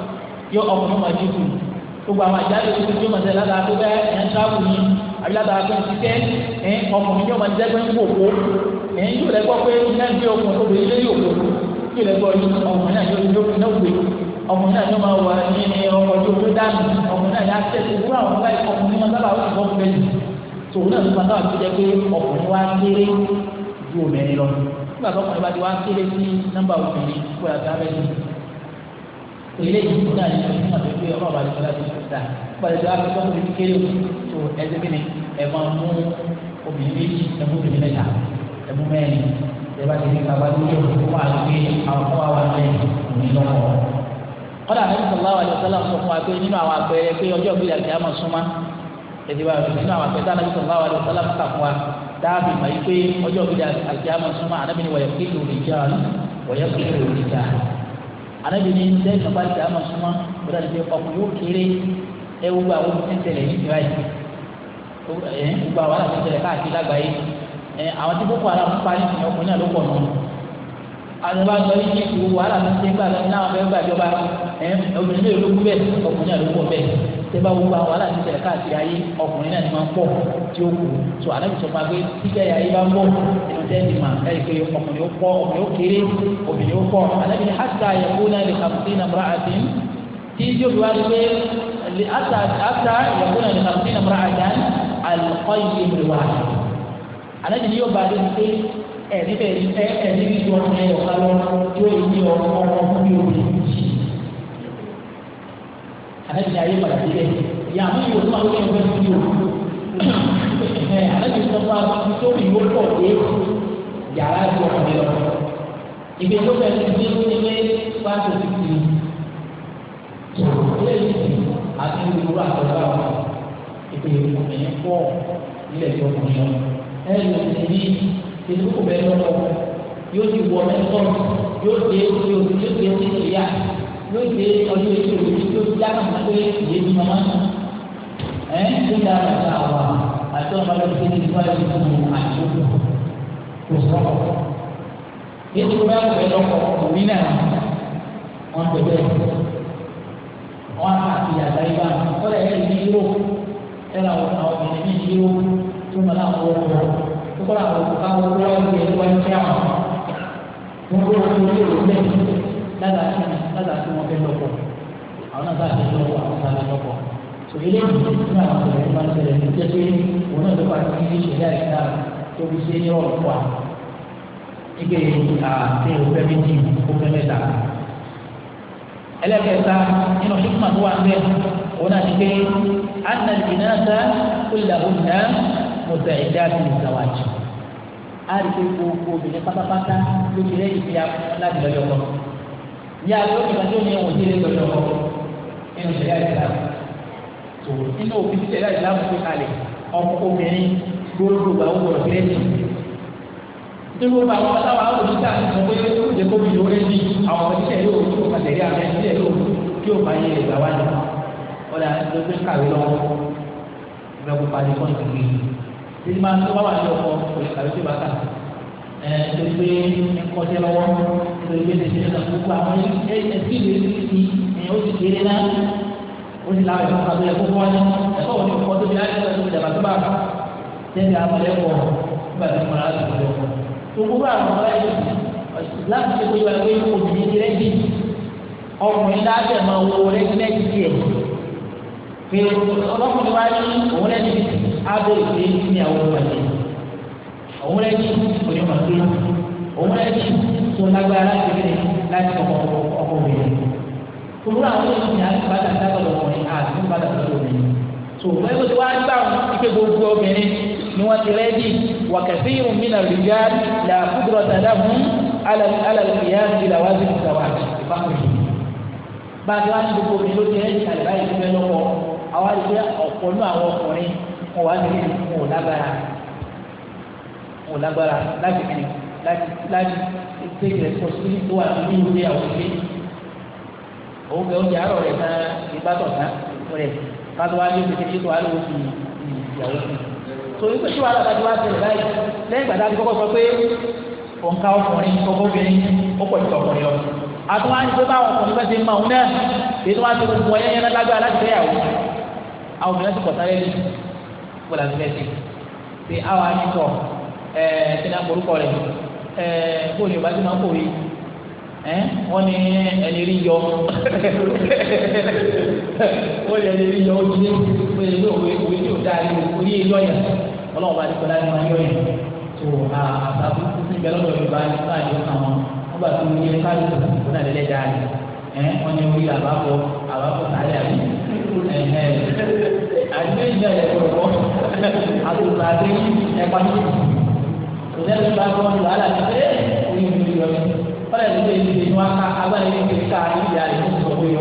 yọ ọmọ náà máa dínkù gbogbo àwọn àjálù tuntun tí ó máa tẹ látara tó bẹ́ẹ̀ ẹ̀ ń tábù ni àbí látara tó ń titẹ́ ẹ̀ ọkùnrin yóò máa dẹ́gbẹ́ ń wò ó ẹ̀ yóò lẹ gbọ́ pé iná ń gbé ọkùnrin obìnrin lé yòókù yóò lẹ gbọ́ ọkùnrin náà yóò yóò náà gbé ọkùnrin náà yóò máa wà ní ọkọ̀ tó tó dànù ọkùnrin náà yóò tẹ̀ fún àwọn ọ̀gá ọkùnrin máa sábà wọ́n ti bọ́ pẹ̀lú tòun náà ló máa náà ti jẹ́ pé ọkùnrin wá kéré ju eléyìí tó náà yẹ kí wọn fi ọlọ́ọ̀bà yìí lọ́la ti fi ta pàdé tó akẹ́kọ̀ọ́ tó fi kéré tó ẹsẹ̀ kí ni ẹ máa mú obìnrin méjì ẹmú obìnrin mẹ́ta ẹmú mẹ́rin ẹ bá ti fi kaba lóye òkú wà lóye àwọn kọ́ wà lóye òní lọ́wọ́. kọ́dà ní sọ̀rọ̀ àwọn àti sọ́lá sọ fún wa pé nínú àwọn àpẹẹrẹ pé ọjọ́ ìgbéyà kí a máa súnmọ́ ẹ̀dí wa nínú àwọn àpẹẹrẹ tí anábì sọ̀rọ̀ àwọn àti sọ́lá kà fún wa dáàbì mà yí pé ọjọ́ ìgbéyà kí a máa súnmọ́ anábì ni wọ̀yẹ̀ kí lóore jà wọ̀yẹ̀ kí lóore jà anabi ní sẹ́yìn náà bá ti àmọ̀ súnmọ́ wọ́n dàbí ọkùnrin yóò kéré ẹ wúgbà wọ́n ti ń tẹ̀lé ní ìdíwáyé ẹ wúgbà wọ́n ti ń tẹ̀lé káàkiri lágbàáyé ẹ àwọn tí boko haram pa ní ìyẹn ọkùnrin náà ló pọ̀ nù. àtúbà sọ yìí ní ìwò wàhálà tó ń ṣe gbàgbé náà fẹ́ gbàjọba ẹ obìnrin náà ló kú bẹ́ẹ̀ ọkùnrin náà ló pọ̀ bẹ́ẹ̀ tẹ́bá gbogbo àwọn wàhálà níbẹ̀ káàkiri ayé ọkùnrin náà ni máa ń pọ̀ tí ó kù tó ànábì sọ pé tíjà ayé bá ń bọ̀ ẹnu tẹ́ẹ̀dì mà ẹ̀ pé ọkùnrin ó pọ̀ ọkùnrin ó kéré obìnrin ó pọ̀ ànábì ni hasa yẹ̀kú náà lè kàmùtí nàmúrà àti tí yóò fi wá rí pé hasa yẹ̀kú náà lè kàmùtí nàmúrà àti alùpọ̀ yìí lè wá. ànábì ni yóò bá dé pé ẹ̀ẹ́dẹ́gbẹ̀ẹ́ ẹ̀ẹ́dẹ́gbẹ̀ẹ́ anabi ni ayé padà síbẹ̀ ìyá àmọ́ ìwò náà wọ́n yẹn fẹ́ fi o anabi sọ fún wa tó ìwé pọ̀ dé yàrá ju ọkùnrin lọ ìgbé tó fẹ́ fi dé ní pé wá tó fi ti ilé yìí àti ìwúrò àtọ́jú àwọn ìpè ọkùnrin pọ̀ ilé tó kù yọ ẹ lò sí ní ìlú kò bẹ́ẹ̀ lọ́wọ́ yóò ti wọ mẹ́tọ́ yóò dé yóò dé sí ìyá yóò dé ọdún ètò òbí tó ti dáná mọ́ pé ìyé ti mọ́ máa ẹ̀ tó dáa bàtà wà àti ọmọ lọ sí ìdílé wáyé tó mú àjò kò sọ̀rọ̀. ètò bá wẹ̀ lọ́kọ̀ òbí náà wọ́n tó bẹ́ẹ̀ wọ́n á fi àgbáyé bá wọn lọ ẹ̀ ní yúrò ẹ̀rọ àwọn obìnrin ní yúrò tó mọ̀ láwọn ọkọ̀ tó kọ́ làwọn ládàá kí ni ládàá kí wọ́n fẹ́ lọ́kọ̀ àwọn náà sáà tẹ̀lé ọkọ̀ àwọn sáà lọ́kọ̀ tó ilé ìdílé tí àwọn ọ̀sẹ̀ rẹ̀ máa ń tẹ̀lé ní jẹ́ pé òun náà ló bá ti ní ìṣẹ̀lẹ̀ àìsà tó fi ṣe ní ọ̀rọ̀ wa nígbè àti òfẹ́ méjì òfẹ́ mẹ́ta. ẹlẹ́kẹ̀ẹ́ta nínú hikma tó wà ń bẹ̀ náà ti pé anna ìnáta kúlìlàhùnà mọ̀tà ìdá àti ìgbàwájú. a rí i gbogbo obìnrin pátápátá ló ti rẹ́ ìgbéyàwó láti lọ́yọ̀kọ́ ìyá àtọ́jú ìdájọ́ ni ẹ̀wọ̀n délé pẹ̀lú ọkọ nínú ìṣẹ̀lẹ̀ ìsìlámù tó nínú òfin ìṣẹ̀lẹ̀ ìsìlámù tó kalẹ̀ ọkọ obìnrin gbogbo àwọn ọ̀rọ̀ bẹ́ẹ̀ ni nínú ọba àwọn ọ̀tàwà olùdíjà sọ pé ó lè kó mi lórí ní àwọn ọ̀tíṣẹ́ yóò tó o pàtẹ́rì àmì ẹ̀tíṣẹ́ yóò kí o máa yẹ ìgbà wá ní ọ̀dà ló gbé kàwé lọ́wọ́ ìgbà gbogbo àdìgbọ́n ìgbìmọ̀ ìdí máa tó bá wà ní ọkọ̀ òṣèlú kàwé tó bá kà gbogbo ẹkọtẹ lọ́wọ́ gbogbo ẹsẹ ẹsẹ gbogbo àwọn ẹsẹ ìwé ti ẹ o ti kéré náà o ti láwọn ẹ̀kọ́ kan tó yẹ kó kọ́ ni ẹ̀kọ́ wọn ni ọkọ tóbi láti ẹ̀kọ́ tóbi dàgbà tó bá kà tẹ́lẹ̀ amọ̀lẹ́kọ̀ nígbà tó mọ̀ láti ọ̀dọ̀ tó gbogbo àwọn ọ̀rọ̀ ẹ̀ láti ṣe kóyọ ẹgbẹ́ yìí obìnrin ti rẹ́jì ọkùnrin láti ẹ̀ máa wo rẹ́jì rẹ́jì tiẹ̀ pé ọlọ́kùnrin wá òun rẹ́jì òun rẹ̀ jù òní máa gbé òun rẹ̀ jù tó lágbára láti gbé láti ọkọ̀ ọkọ̀ obìnrin. Òwúrọ̀ àwọn èèyàn ní àgbàdà sábàlọ̀ ọkùnrin àti àgbàdà sábàlọ̀ obìnrin. Tó o fẹ́ kó ti wá gbà wọn ike gbogbo obìnrin ni wọ́n ti rẹ́dí wàkàtí irun mi náà rìgá là kúndùrọ̀ sàdá fún alàlùyá ìlà wá sí ìgbàwá ìbámu yìí. Bá a ti wá ní gbogbo obìnrin ló ti rẹ́dí àlùbáyé ìfẹ́ lọ́kọ̀ àwọn àti ọ̀pọ̀ nú àwọn ọkùnrin wọn wá sí ìfún òlágbára kò lágbára láti kí láti láti take responsibility tó wà nínú ìwé àwọn ilé òun kẹ oúnjẹ àárọ̀ rẹ̀ náà ìbátan náà rẹ̀ kátó wá ní kékeré tó wà ló fi ìyàwó fi. torí pé tíwájú àtàkùn wá tẹ̀lé báyìí lẹ́yìn gbàdá tó kọ́kọ́ sọ pé òǹkà ọkùnrin kọ́kọ́ obìnrin ó pọ̀ jù ọkùnrin lọ. àtúwá ní pé báwọn ọkùnrin bá ti máa ń náà èyí tó wá ti gbogbo ọyẹ́ yẹn lágbára láti fẹ́ ẹ̀ẹ́ kíni àpòrúkọ rẹ̀ ẹ̀ẹ́ bóyá yorùbá ti máa ń kòwé ẹ̀ wọ́n ní yọ wọ́n ndị ẹni rí yọ ojú ní wọ́n ní òwe òwe tí ò dáa ní orí yọ yẹn ọlọ́run bá ti láti máa tó wọn lẹ́lẹ́ òṣèlú bá gbọ́ ní wàhálà ní pé oyún mi yọ mí wọ́n lè lè lè wá ká agbára yìí ti ká níbi àlè fún ìṣòwò yìí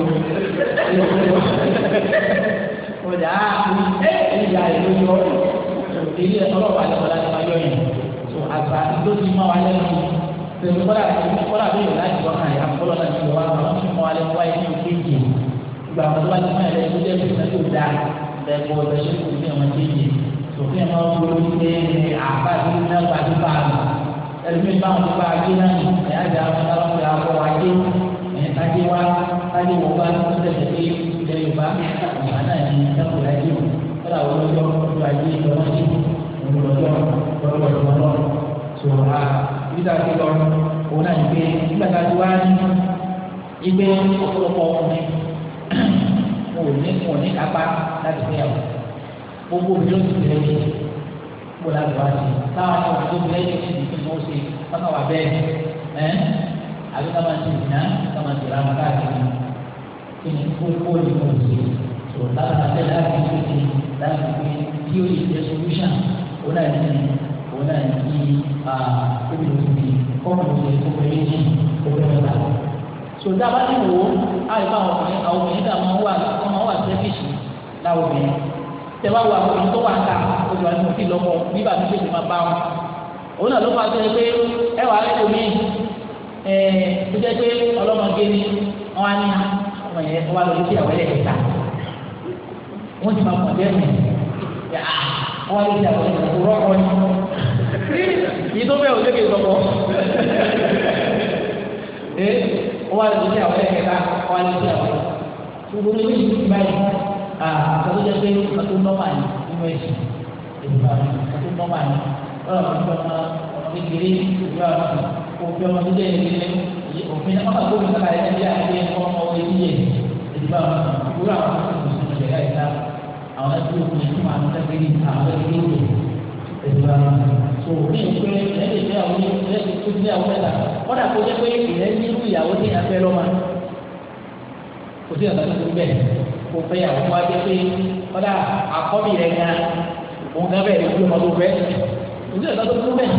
wọ́n dà á ẹ́ níbi àlè ló yọ èyí ọlọ́wọ́ àlẹ́ wọ́n láti máa yọ yìí tó àgbà ló ti máa wá lẹ́nu tẹ̀lé kọ́lá kọ́lá bí yóò láti wọ́n kàn yà kọ́lọ́ náà ti wá wọ́n ti máa lẹ́nu wáyé ní kéèké ìgbà wọn tó wá ti máa lẹ́nu tó jẹ́ pé ìgbà tó dáa bẹ́ẹ̀ bọ́ ọ òfin ẹ̀ máa wọ́n wọ́n ṣe àbá tó ní náà pàdé bá a lò ẹlòmíì bá wọn tó bá a dé náà ní ẹ̀yà àjà àwọn ọ̀dọ́ àbọ̀ wa dé ẹ̀ kájí wa kájí wọ́n bá tó tẹ̀lé dé ilẹ̀ Yorùbá ọ̀gá náà ní ẹ̀kọ́ ìdájí o kọ́lá olójọ́ ojú ajé ìjọba olùdókòwò lọ́wọ́ ìwọ náà tó a yíta ti lọ òun náà gbé nígbàgbà tó wá ní ìgbé ọ̀pọ̀lọpọ̀ ọkùnrin wọn ò ní gbogbo mi ló ti tẹ̀lé mi kó láti wá sí i táwọn àwọn ọmọ tó fi lẹ́yìn ní ìdí tó ṣe káká wà bẹ́ẹ̀ ẹ́ àbí ká máa ti ìdìnnà ká máa ti ìlànà káàkiri kí ni kó kó ní kó ṣe tó lára tẹ̀ láti fi ṣe láti fi kí o yẹ solution òun náà ní òun náà ní kí kóbi ló ti kọ́kọ́ ló ti kókò lé ní kókò ló ta. sòtá bá ti wò ó àyè fáwọn ọmọ yẹn àwọn ọmọ yẹn dà máa wà sẹ́fíṣì láwùjọ yẹn tẹ̀wá wo àwọn ọ̀nà tó wà ta olùwà ni mo ti lọ́kọ̀ nígbà tó ṣèṣe máa bá wọn. òun náà ló máa tẹ̀lé pé ẹ wà á lómi ẹ tó jẹ́ pé ọlọ́mọge ni wọ́n á ní ọmọ yẹn wà lórí sí àwọn ẹlẹ́kẹta. wọ́n ti máa pọ̀ bẹ́ẹ̀ mi wọ́n á lórí àwọn ẹlẹ́kẹta kò rọ́ọ̀kọ́ ni. yìí tó bẹ́ẹ̀ ò lékè sọ̀kọ́. ẹ wọ́n á lórí àwọn ẹlẹ́kẹta wọ́n á lórí àwọn ẹlẹ́kẹta àtàkùn jẹ́ pé àtàkùn nọ́mà ni nínú ẹ̀sìn ìgbà àtàkùn nọ́mà ni lọ́la kò fi ọmọ kékeré ìgbà kò fi ọmọ tó jẹ́ ìdílé òfin náà kọ́kà gómìnà kàlẹ́ ẹ̀dí àti ọmọ orí yíyẹ ìgbà ìgbà àwọn mùsùlùmí ṣẹ̀dá ìta àwọn ẹbí òfin tó máa ń tẹ́gbẹ́rì àwọn ẹbí òfin ìgbà tó ní ìpè ẹ̀ẹ́dì ìgbéyàwó ẹ̀ẹ́dì tó ní àwọn ẹ̀dà kọ́dà kó jẹ́ kó fẹ́ yàwó wá dé pé kọ́dà àkọ́bí rẹ̀ gan òun gan bẹ́ẹ̀ lè fi ọmọ tó fẹ́ òun yóò tọ́jú fún bẹ́ẹ̀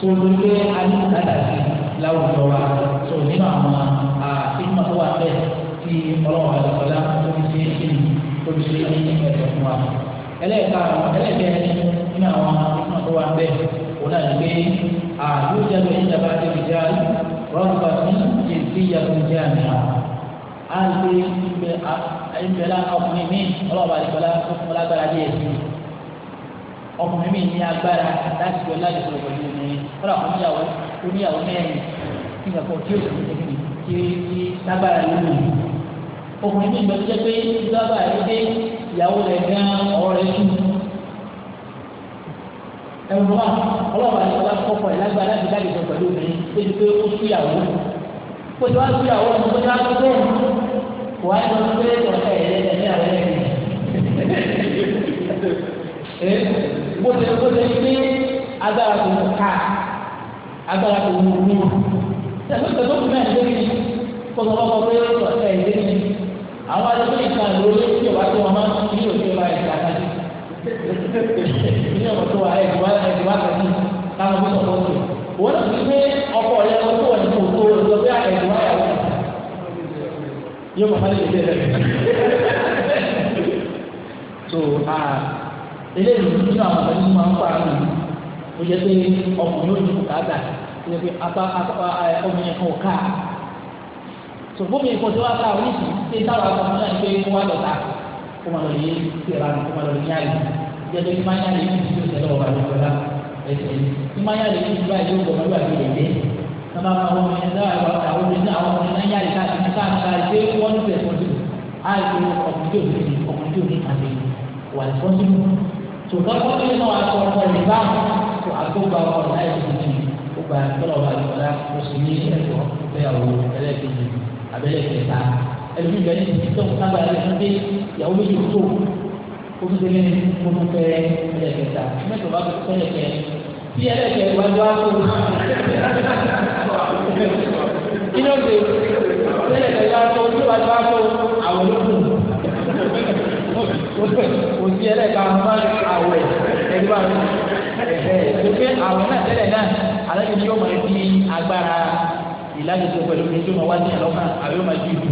tó ló gbé alíkàtà sí láwùjọ wa tó nínú àwọn àfihàn tó wà bẹ́ẹ̀ tí ọlọ́wọ́ àlọ́kọ́lá tó fi ṣe é tó fi ṣe é ní ẹ̀sẹ̀ fún wa ẹlẹ́ẹ̀ka ẹlẹ́ẹ̀kẹ́ nínú àwọn àfihàn tó wà bẹ́ẹ̀ òun náà ní pé àlùjẹ́ ìjàmbá ti já rọ́ọ̀bù àti ìdíyàwó jẹ́ àwọn àti ìgbẹ́ àti ẹni bẹ́ẹ̀ la ọkùnrin mi ọlọ́ọ̀bà àdìgbọ́lá tó fún lágbára díẹ̀ sí i ọkùnrin mi ní agbára láti gbọ́ láti sọ̀rọ̀ pẹ̀lú mi kọ́lá fún níyàwó tó níyàwó mẹ́rin kí n kọ́ kí o sì ní tẹ́kìnì kí kí lágbára ló lò ọkùnrin mi gbọ́dọ̀ jẹ́ pé ìjọba àdìgbẹ́ ìyàwó rẹ̀ gan ọ̀rẹ́ tún ẹ̀rọ wa ọlọ́ọ̀bà àdìgbọ́lá kọ́kọ́ ẹ̀ lágbára láti dáàbò pẹ̀lú mi débi pé ó súyàwó kó wà á lọ pé ọ̀sẹ̀ yẹn lẹ́yìn ní àwọn ẹ̀mí. bó ṣe bó ṣe ní agbára tó ń ká agbára tó ń mú un. ṣàbí ìgbà tó kù náà ló ní kọ́kọ́kọ́ pé ọ̀sẹ̀ yẹn lé ní àwọn adébó ìka lórí tí ìwà tó wọn máa ń fi òkè wa ìgbà náà. ní ọ̀pọ̀ tó wà ẹ̀ ìwà ní káwọn bí wọ́n tó wọ́n náà gbé ọkọ̀ rẹ̀ yóò máa lè lè rẹ̀. so eléyìí nínú àwọn ọ̀rẹ́ nínú àwọn ọ̀pá mi ó jẹ́ pé ọkùnrin ó ní kò káàdà ó jẹ́ pé ọmọ yẹn kan ò káà so bómi ìkọ̀ tí wọ́n ká oníṣì ṣe táwọn akọ̀ fún náà pé kó wá lọ́ta kó máa lọ yé ìrà kó máa lọ yá yìí jẹ́ pé kí máa yá lè ní ìdílé ìṣẹ̀lẹ̀ ọ̀rọ̀ àti ìgbọ̀lá ẹ̀sẹ̀ kí máa yá lè ní ìdílé ìṣẹ̀lẹ̀ ọ̀rọ̀ àti ìgbọ̀lá sábà máa wọ́n mi ẹ̀dá àwọn obìnrin náà àwọn obìnrin náà yára ká àti ká àti ká ṣe wọ́n fẹ̀ fọ́jú àìsí ọkùnrin tí ò ní ní ọkùnrin tí ò ní àti wà ní fọ́jú. tòótọ́ fọ́jú náà wà sọ ọkọ rẹ̀ bá tó àgbógbà ọkọ rẹ̀ láì fi jì ó gba tọ́lọ̀ wà lọ́la ó sì ní ẹ̀kọ́ fẹ́yàwó ẹlẹ́kejì abẹ́lẹ́kẹta ẹlẹ́mí bẹ́ẹ̀ ní tó ń sábà rẹ̀ fún pé ìyàwó méjì tó tí ẹlẹ́kẹ̀ẹ́ wá wá kó kí ló dé ẹlẹ́kẹ̀ẹ́ wá kó tí wá wá kó àwọn olókùn kò sí ẹlẹ́kẹ̀ẹ́ wá má àwẹ̀ ẹgbẹ́ àwọn ẹ̀ẹ́dẹ́gbẹ́ àwọn náà tẹ́lẹ̀ náà alẹ́ ni yóò máa di agbára ìlànà tó pẹ̀lú ní ojú ma wá ní ẹlọ́kàn àbí ó ma ju ìlú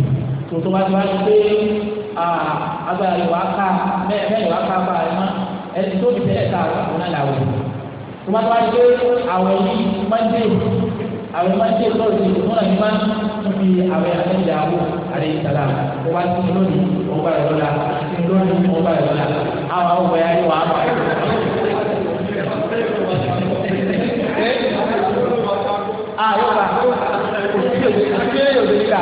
tó tó wá ti wá ní pé agbára ìwà ká mẹ́rin ìwà ká bá a rẹ̀ mọ́ ẹni tó fi tẹ́lẹ̀ ká àwọn náà làwọn tòmátò wáyé pé àwẹ̀ yìí mọ́ndé àwẹ̀ mọ́ndé lọ́ọ̀dì ìmúnà ní máa ń fi àwẹ̀ àtẹ̀jẹ̀ àwọ̀ àlẹ́ ìsàlá ó wá sí lónìí ọgbà ìrọ̀lá sí lónìí ọgbà o àwọn ọgbà yà ni wàá bàyà. àyọ̀ bá òsì òsì òsì ìgbà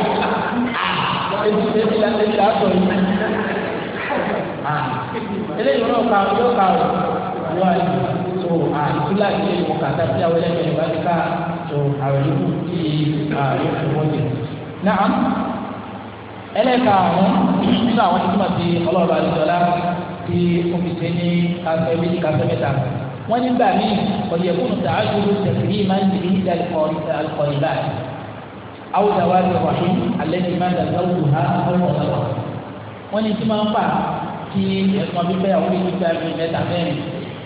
èsì èsì la èsì àtọ̀ não, eléyìí wọn kà yóò kà wọ́n tó àtúlá ní ìmọ̀ kàtà tí àwọn ẹlẹ́gbẹ̀ẹ́ bá ti ká tó àwọn ìlú tí àwọn ìfowó jẹ. náà ẹlẹ́ka àwọn nínú àwọn tí wọ́n ti ọlọ́ọ̀bà àdìsọ́lá tí omi ṣe ní kásẹ̀ méjì kásẹ̀ mẹ́ta. wọ́n nígbà míì ọ̀dì ẹ̀kún tààjúlù tẹ̀sírí máa ń di ní ìdá alùpàdìbà àwùjáwá ti wàhí alẹ́ ní máa dàgbà wù ha ọ̀pọ̀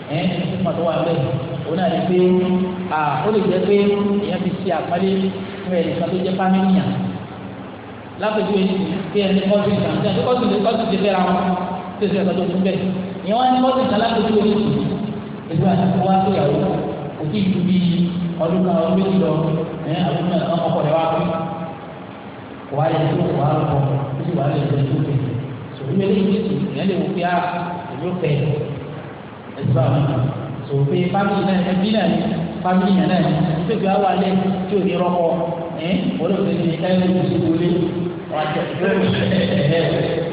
ẹ ẹni tó mọ̀ tó wà bẹ́ẹ̀ òun náà lè pé à ó lè jẹ́ pé èèyàn fi ṣe àpálẹ́ fún ẹnìkan tó jẹ́ fámìlìyàn lápẹjù ẹni pé ẹni kọ́sì kan tí ẹni kọ́sì lè kọ́sì ti fẹ́ra wọn tó ṣe ẹ̀ka tó tún bẹ́ẹ̀ ìyẹn wọn ni kọ́sì kan lápẹjù ẹni ìlú àti wá sí ìyàwó kò tí ì ju bí ọdún kan ọdún méjì lọ ẹ àdúgbò náà kan ọkọ rẹ wá pé kò wá lè tó kò wá lọ kò sì wá lè tó tó ẹ̀sùn àwọn tó pé fámìlì náà ẹbí náà ni fámìlì yẹn náà ni pépè àwọn alẹ́ tí ò ní rọ́pọ̀ ẹ̀ olóògbé ni ẹ̀ ló ti wọlé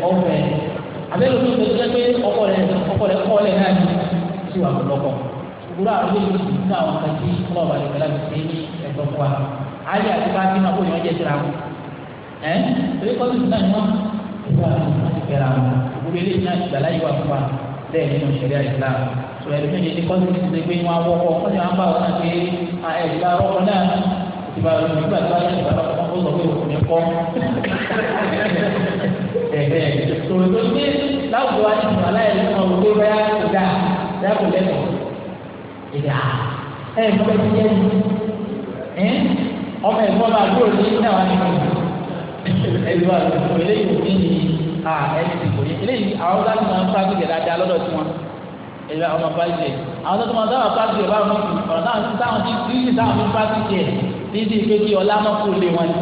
ọ̀fẹ́ abẹ́rẹ́ òfin tó jẹ́ pé ọkọ rẹ̀ ọkọ rẹ̀ kọ́ lẹ̀ náà ni tí wà ló lọ́kọ̀ ìgbúra àwọn olóògbé ti ní àwọn kan tí ọlọ́ọ̀bà lè gbẹ́lá ti ní ẹ̀tọ́ fún wa ayé àti bá bímọ kó yẹn jẹ́ tìrà wọn ẹ̀ torí kọ́sì náà ni wọ́n ìgbà àti ìgbà ìgbà ìgbà ìgbà ìgbà bẹ́ẹ̀ nínú ìṣẹ̀lẹ̀ islam tó ẹ̀dùn méje ní kọ́ńtì ti ṣe pé wọ́n á wọ́kọ́ wọ́n ti máa ń bá wọn náà pé ẹ̀dùn arọ́kọ náà ti bá wọn nígbà tó wáyé ìbára kan ó sọ pé òkú ni kọ́ ẹ̀ẹ́ tòun tó dé láwùjọ wa ní ìmọ̀ aláìlú kan ò gbé báyà kò dà báyà kò lẹ́kọ̀ọ́ ìdá ẹ̀ ń bẹ́ẹ̀ ti yẹ ẹ̀ ọmọ ẹ̀gbọ́n máa gbóòrò ní ìdáwà nínú ẹ̀dùn àlùkò eléyìí òfin yìí a ah, ẹni tí kò yẹ eléyìí àwọn bá ti máa ń pàṣẹ dáadáa lọ́dọ̀ tí wọn ẹ̀rọ àwọn bá ti jẹ àwọn tó máa ń sábà pàṣẹ bá wọn kù ọ̀rọ̀ náà ti táwọn ti ti ti táwọn ti pàṣẹ jẹ ní ti pé kí ọlá máa kú lé wọn ni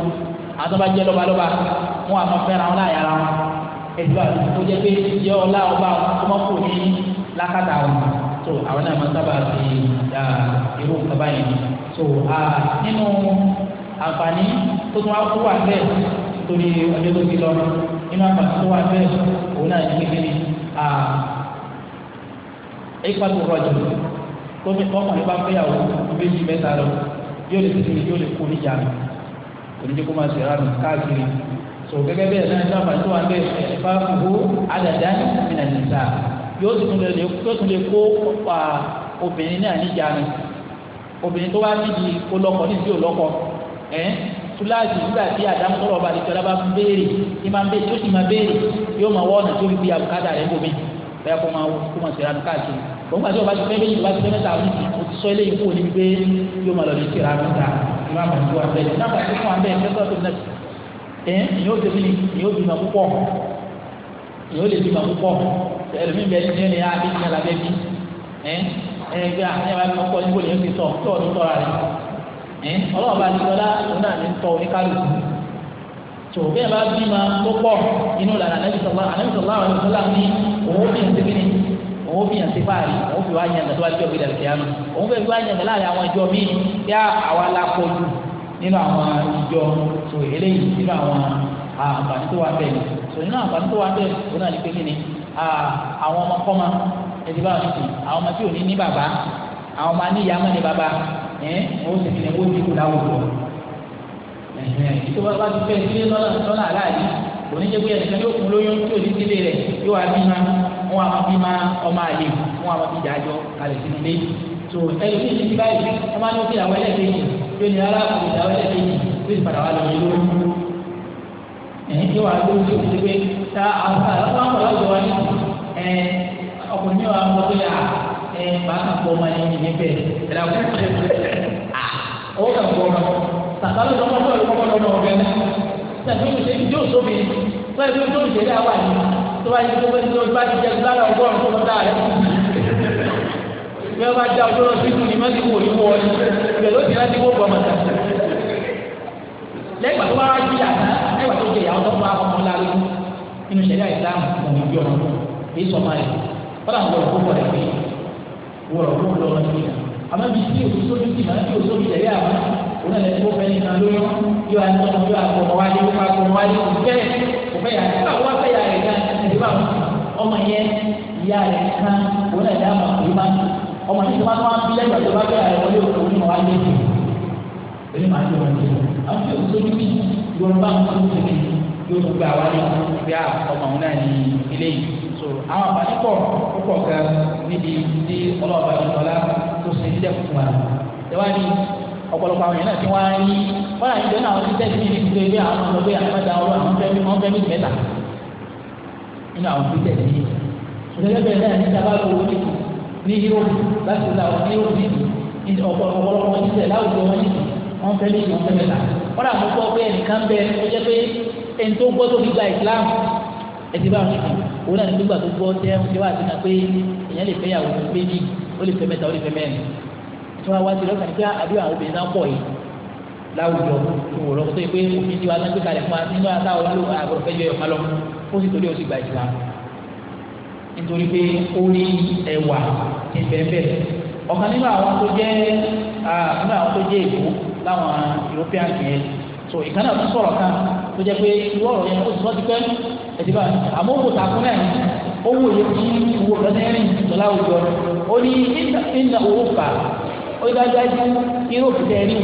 àwọn tó bá jẹ lọ́balọ́ba wọn àmọ́ fẹ́ra wọn láàyè ara wọn ẹ̀dùn àti tó jẹ́ pé jẹ́ ọlá ọba tó máa kú ní lákàtà wọn tó àwọn náà máa sábà ti dà irú nǹkan báyìí tó a nínú àǹfààní tó tún wá kú wà bẹ́ẹ̀ torí ọjọ́ tó ti lọ nínú àpàtì tó wà bẹ́ẹ̀ òun náà ní kékeré à ìpàtó rọ̀jò tó fi ọkùnrin bá fẹ́yàwó méjì mẹ́ta lọ yóò lè tètè yóò lè kó níjà oníjẹ kó máa sèrànù káàkiri so gẹ́gẹ́ bẹ́ẹ̀ náà nínú àpàtì tó wà bẹ́ẹ̀ bá fúwó àdàdà nínú àdìsá yóò tún lè yóò tún lè kó obìnrin náà níjà ni obìnrin tó bá nídìí kó lọ́kọ nídìí ò lọ́kọ ẹ́ túláàsì nígbà tí àdámù tọrọ ọba àti ìjọba bá béèrè ní máa béèrè tó sì máa béèrè yóò máa wọ ọ̀nà tó fi bí àbùkádà rẹ̀ bòmí bẹ́ẹ̀ kó máa kó máa sèrànù káàkiri òun gbàdúrà bá ti fẹ́ méjì bá ti fẹ́ mẹ́ta àbí o ti sọ eléyìí kúrò níbi pé yóò máa lọ sí sèrànù ta ìmọ̀ àbàtì wà bẹ́ẹ̀ náà bàtí fún wa bẹ́ẹ̀ mẹ́tọ́ tó nà ẹ̀ ìyóò tẹ̀lé ìyóò bímọ púpọ̀ ìyóò lè bímọ púpọ̀ ẹlòmíì bẹ́ẹ̀ ti ní ẹni àbí ti ní alábẹ́ bí ẹ̀ ẹ̀ gbé àwọn ẹ̀yà bá ti mọ̀ pọ̀ níbo lè ẹ ọlọ́run bá ti lọ́lá òun náà ní tọ́ oníkálùkù tó bẹ́ẹ̀ bá bí ma tó pọ̀ inú lànà ànábì sọ̀lá ànábì sọ̀lá àwọn ìṣọ̀lá ní òun ó bìyànjú kí ni òun ó bìyànjú fáàrí òun fi wá yàn tó wá jọ gbẹdẹ kìánu òun fẹ́ẹ́ fi wá yàn láàrin àwọn ìjọ míì kí àwa la kọ jù nínú àwọn ìjọ tó eléyìí nínú àwọn àǹfààní tó wà bẹ́ẹ̀ tó nínú àǹfààní tó wà bẹ́ẹ̀ òun náà ní pé kí ni àwọn ọmọ kọ́mọ ẹ̀dí báwọn ní sìn àwọn ọmọ tí ò ní ní bàbá àwọn ọmọ aníyàmọ́ ní bàbá ẹ wọn ó sì fi ẹwọ́ dínkù láwùjọ ìtò bá ti fẹ́ sílé lọ́nà aláàjì oníjẹ́gbé ẹnìkan yóò kún lóyún tí ò ní sílé rẹ̀ yóò wá bí máa wọn àwọn bí máa ọmọ àlè wọn àwọn bí dájọ́ kalẹ̀ sínú ilé tó o ti ti báyìí wọn máa ń kí àwọn ẹlẹ́gbẹ̀ẹ́ yóò ní ara kò ìdáwọ́ ẹlẹ́gbẹ̀ẹ́ yóò ti padà wá lọ yẹn lórí ẹ̀yìn yóò wá lórí tó ti gbé ta àwọn àwọn àwọn àwùjọ wa ní ọkùnrin yóò wá mọ́ ni, ẹ bàtà kọ́ ọmọ yẹn ní bẹ́ẹ̀ ẹ dà kọ́ ọwọ́ kà kọ́ ọmọ tàbá ló lọ́mọ tó lọ́mọ lọ́mọ ọ̀gá náà tàbí o ṣe ìdí òṣò mi tó ẹ tó ṣe dá wà ní tó bá yẹ kó bá tó bá ti jẹ gbára ọgọ́rùn tó lọ dáa rẹ bí wọ́n bá já ọjọ́ lọ sí ìdúnyìí mẹ́tì wò ní wọ́ọ́ ní bẹ̀rẹ̀ ló ti rẹ́ ti wó bọ̀ mọ́ta lẹ́gbàá tó bá wá jí àná lẹ́gbàá tó jẹ ìyàwó tó bá ọmọ lárí nínú ṣẹ̀ríà ìsìlámù ọ̀nà ìbí ọ̀nà kì í sọ máa yẹ kọ́lá àwọn olùkókò rẹ̀ pé wọ̀rọ̀ fún ọ̀dọ́ wọn sí i àmọ́ bí tí o tó bí tìmọ̀ tí o tó bí tẹ̀lé àwọn o náà lẹ́nu fẹ́ nìkan lóyún yóò àti ọmọ yóò àti ọmọ wáyé yóò àti ọmọ wáyé kò fẹ́ kò fẹ́ yà nígbà wọ́n fẹ́ yà rẹ̀ gan ẹ̀dí bá ọmọ yẹn ìyá rẹ̀ kan òun náà dáhùn àpò yìí máa ń ọmọ yìí tó bá tó máa ń fi lẹ́gbàá tó bá fẹ́ yà rẹ̀ wọlé òun ní wọ́n wáyé kò èyí máa ń yọ wọn lé àwọn o tó bí yorùbá ń kú yóò gbà wáyé ìgbà ọmọ òun náà ní so àwọn àǹfààní pọ̀ púpọ̀ gan níbi tí ọlọ́ọ̀bá yìí lọ́la tó ṣe ní dẹ́kun wa ìwádìí ọ̀pọ̀lọpọ̀ àwọn èèyàn náà ti wá rí wọ́n àyè lọ́nà àwọn títẹ̀ sí ní ìdílé bí àwọn ọmọ bí àgbàdà ọ̀rọ̀ àwọn fẹ́mi wọ́n fẹ́mi mẹ́ta nínú àwọn títẹ̀ sí ní ìdílé bẹ́ẹ̀ náà ní sábàlú owó nìkú ní yíyó láti la ní yíyó ní ọ̀pọ̀lọpọ̀ títẹ̀ láwùjọ wọn nìkú wọ́n fẹ́mi wọ́n fẹ́mi mẹ́ta wọ́n rà mú gbọ́ pé ẹnìkan bẹ òun náà ní gbígbà tó gbọ́ tẹ́ ń ṣe wá sí náà pé èèyàn lè fẹ́ yàwó méjì ó lè fẹ́ mẹ́ta ó lè fẹ́ mẹ́rin tí wọ́n wá sí lọ́kàn pé ah, àdúrà àwọn obìnrin náà pọ̀ yìí láwùjọ tó wò tó yẹ pé òfin tiwa náà gbé kalẹ̀ fún wa nínú àtàwọn olóòwò àgbọ̀rọ̀ fẹ́ yọ ẹ̀ka lọ ó sì torí ó sì gbà ìtura nítorí pé ó ní ẹwà ìbẹ̀ẹ̀bẹ̀ ọ̀kan nínú àwọn tó jẹ́ nínú àwọn tó jẹ́ èkó láwọn European yẹn so ìkànnì àtúnṣọ̀rọ̀ kan tó jẹ́ pé ìwọ́rọ̀ yẹn ó ti sọ́ ti pẹ́ ẹ̀dìbà àmọ́ òkò takun náà owó yẹ kí owó kẹsẹ́rìn lọ́la òjò ó ní ìnà owó fà ó ní dájúdájú yóò fi tẹ̀rí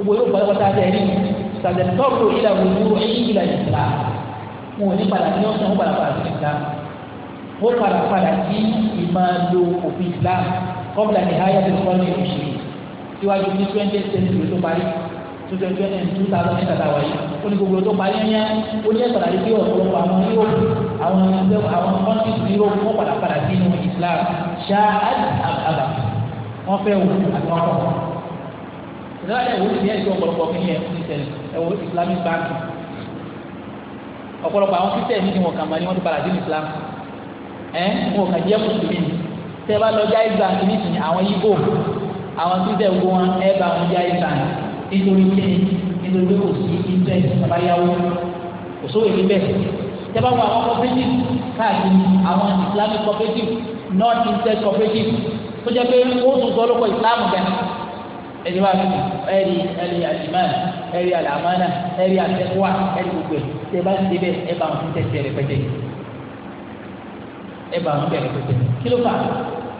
owó yóò gbọ́dọ̀ kọ́ta tẹ̀rí sàtẹ̀tọ́pù ìlà òjò ẹ̀yìn ìlà ìsìlá wọn ò ní padà ní ọ̀sán wọn padà padà sí ìsìlá wọn padà padà sí ìmàlò òfin ìsìlá kọ́bùlà ní háyà tó ń kọ́ ní òṣèlú síwájú ní twenty century tó parí tó tẹ̀ tó ẹ̀ two thousand eight hundred wáyé ó ní gbogbo tó parí ẹ̀yẹ ó ní ẹ̀sọ̀rọ̀ àti pé ọ̀pọ̀lọpọ̀ àwọn yúròpù àwọn àwọn kọ́ńtìsì yúròpù wọ́n padà padà sínú Islam ṣáájú àbàbà wọ́n fẹ́ wò àti wọ́n kọ̀ ìdáwọ́lẹ̀ wo ti yẹ ìṣe ọ̀pọ̀lọpọ̀ kí ni ẹ̀ ti tẹ̀lé ẹ̀ wo Islamic bank ọ̀pọ̀lọpọ̀ àwọn kírísítẹ̀ẹ̀mì ni wọ́n kà máa ní wọ́n ti padà sínú Islam ẹ̀ wọ́n kà jẹ́ mùsùlùmí tẹ́ bá lọ jáì bank nísìnyí àwọn yíbò àwọn kírísítẹ̀ẹ̀ wọn ẹ̀ bá wọn jáì bank nítorí pé nítorí pé kò sí interest tàbá yáwó kò sówó èlé bẹ́ẹ̀ tẹ́bá wọ àwọn cooperative káàkiri àwọn islamic cooperative north interest cooperative tó jẹ́ pé ó tún sọ lóko islam gan ẹni wá fi ẹni ẹni alimani ẹni alamana ẹni atẹkuwa ẹni gbogbo ẹ tẹ́bá ti débẹ̀ ẹ bá wọn tẹsí ẹ rẹ pẹtẹ ẹ bá wọn bẹ̀rẹ̀ pẹtẹ kí ló fà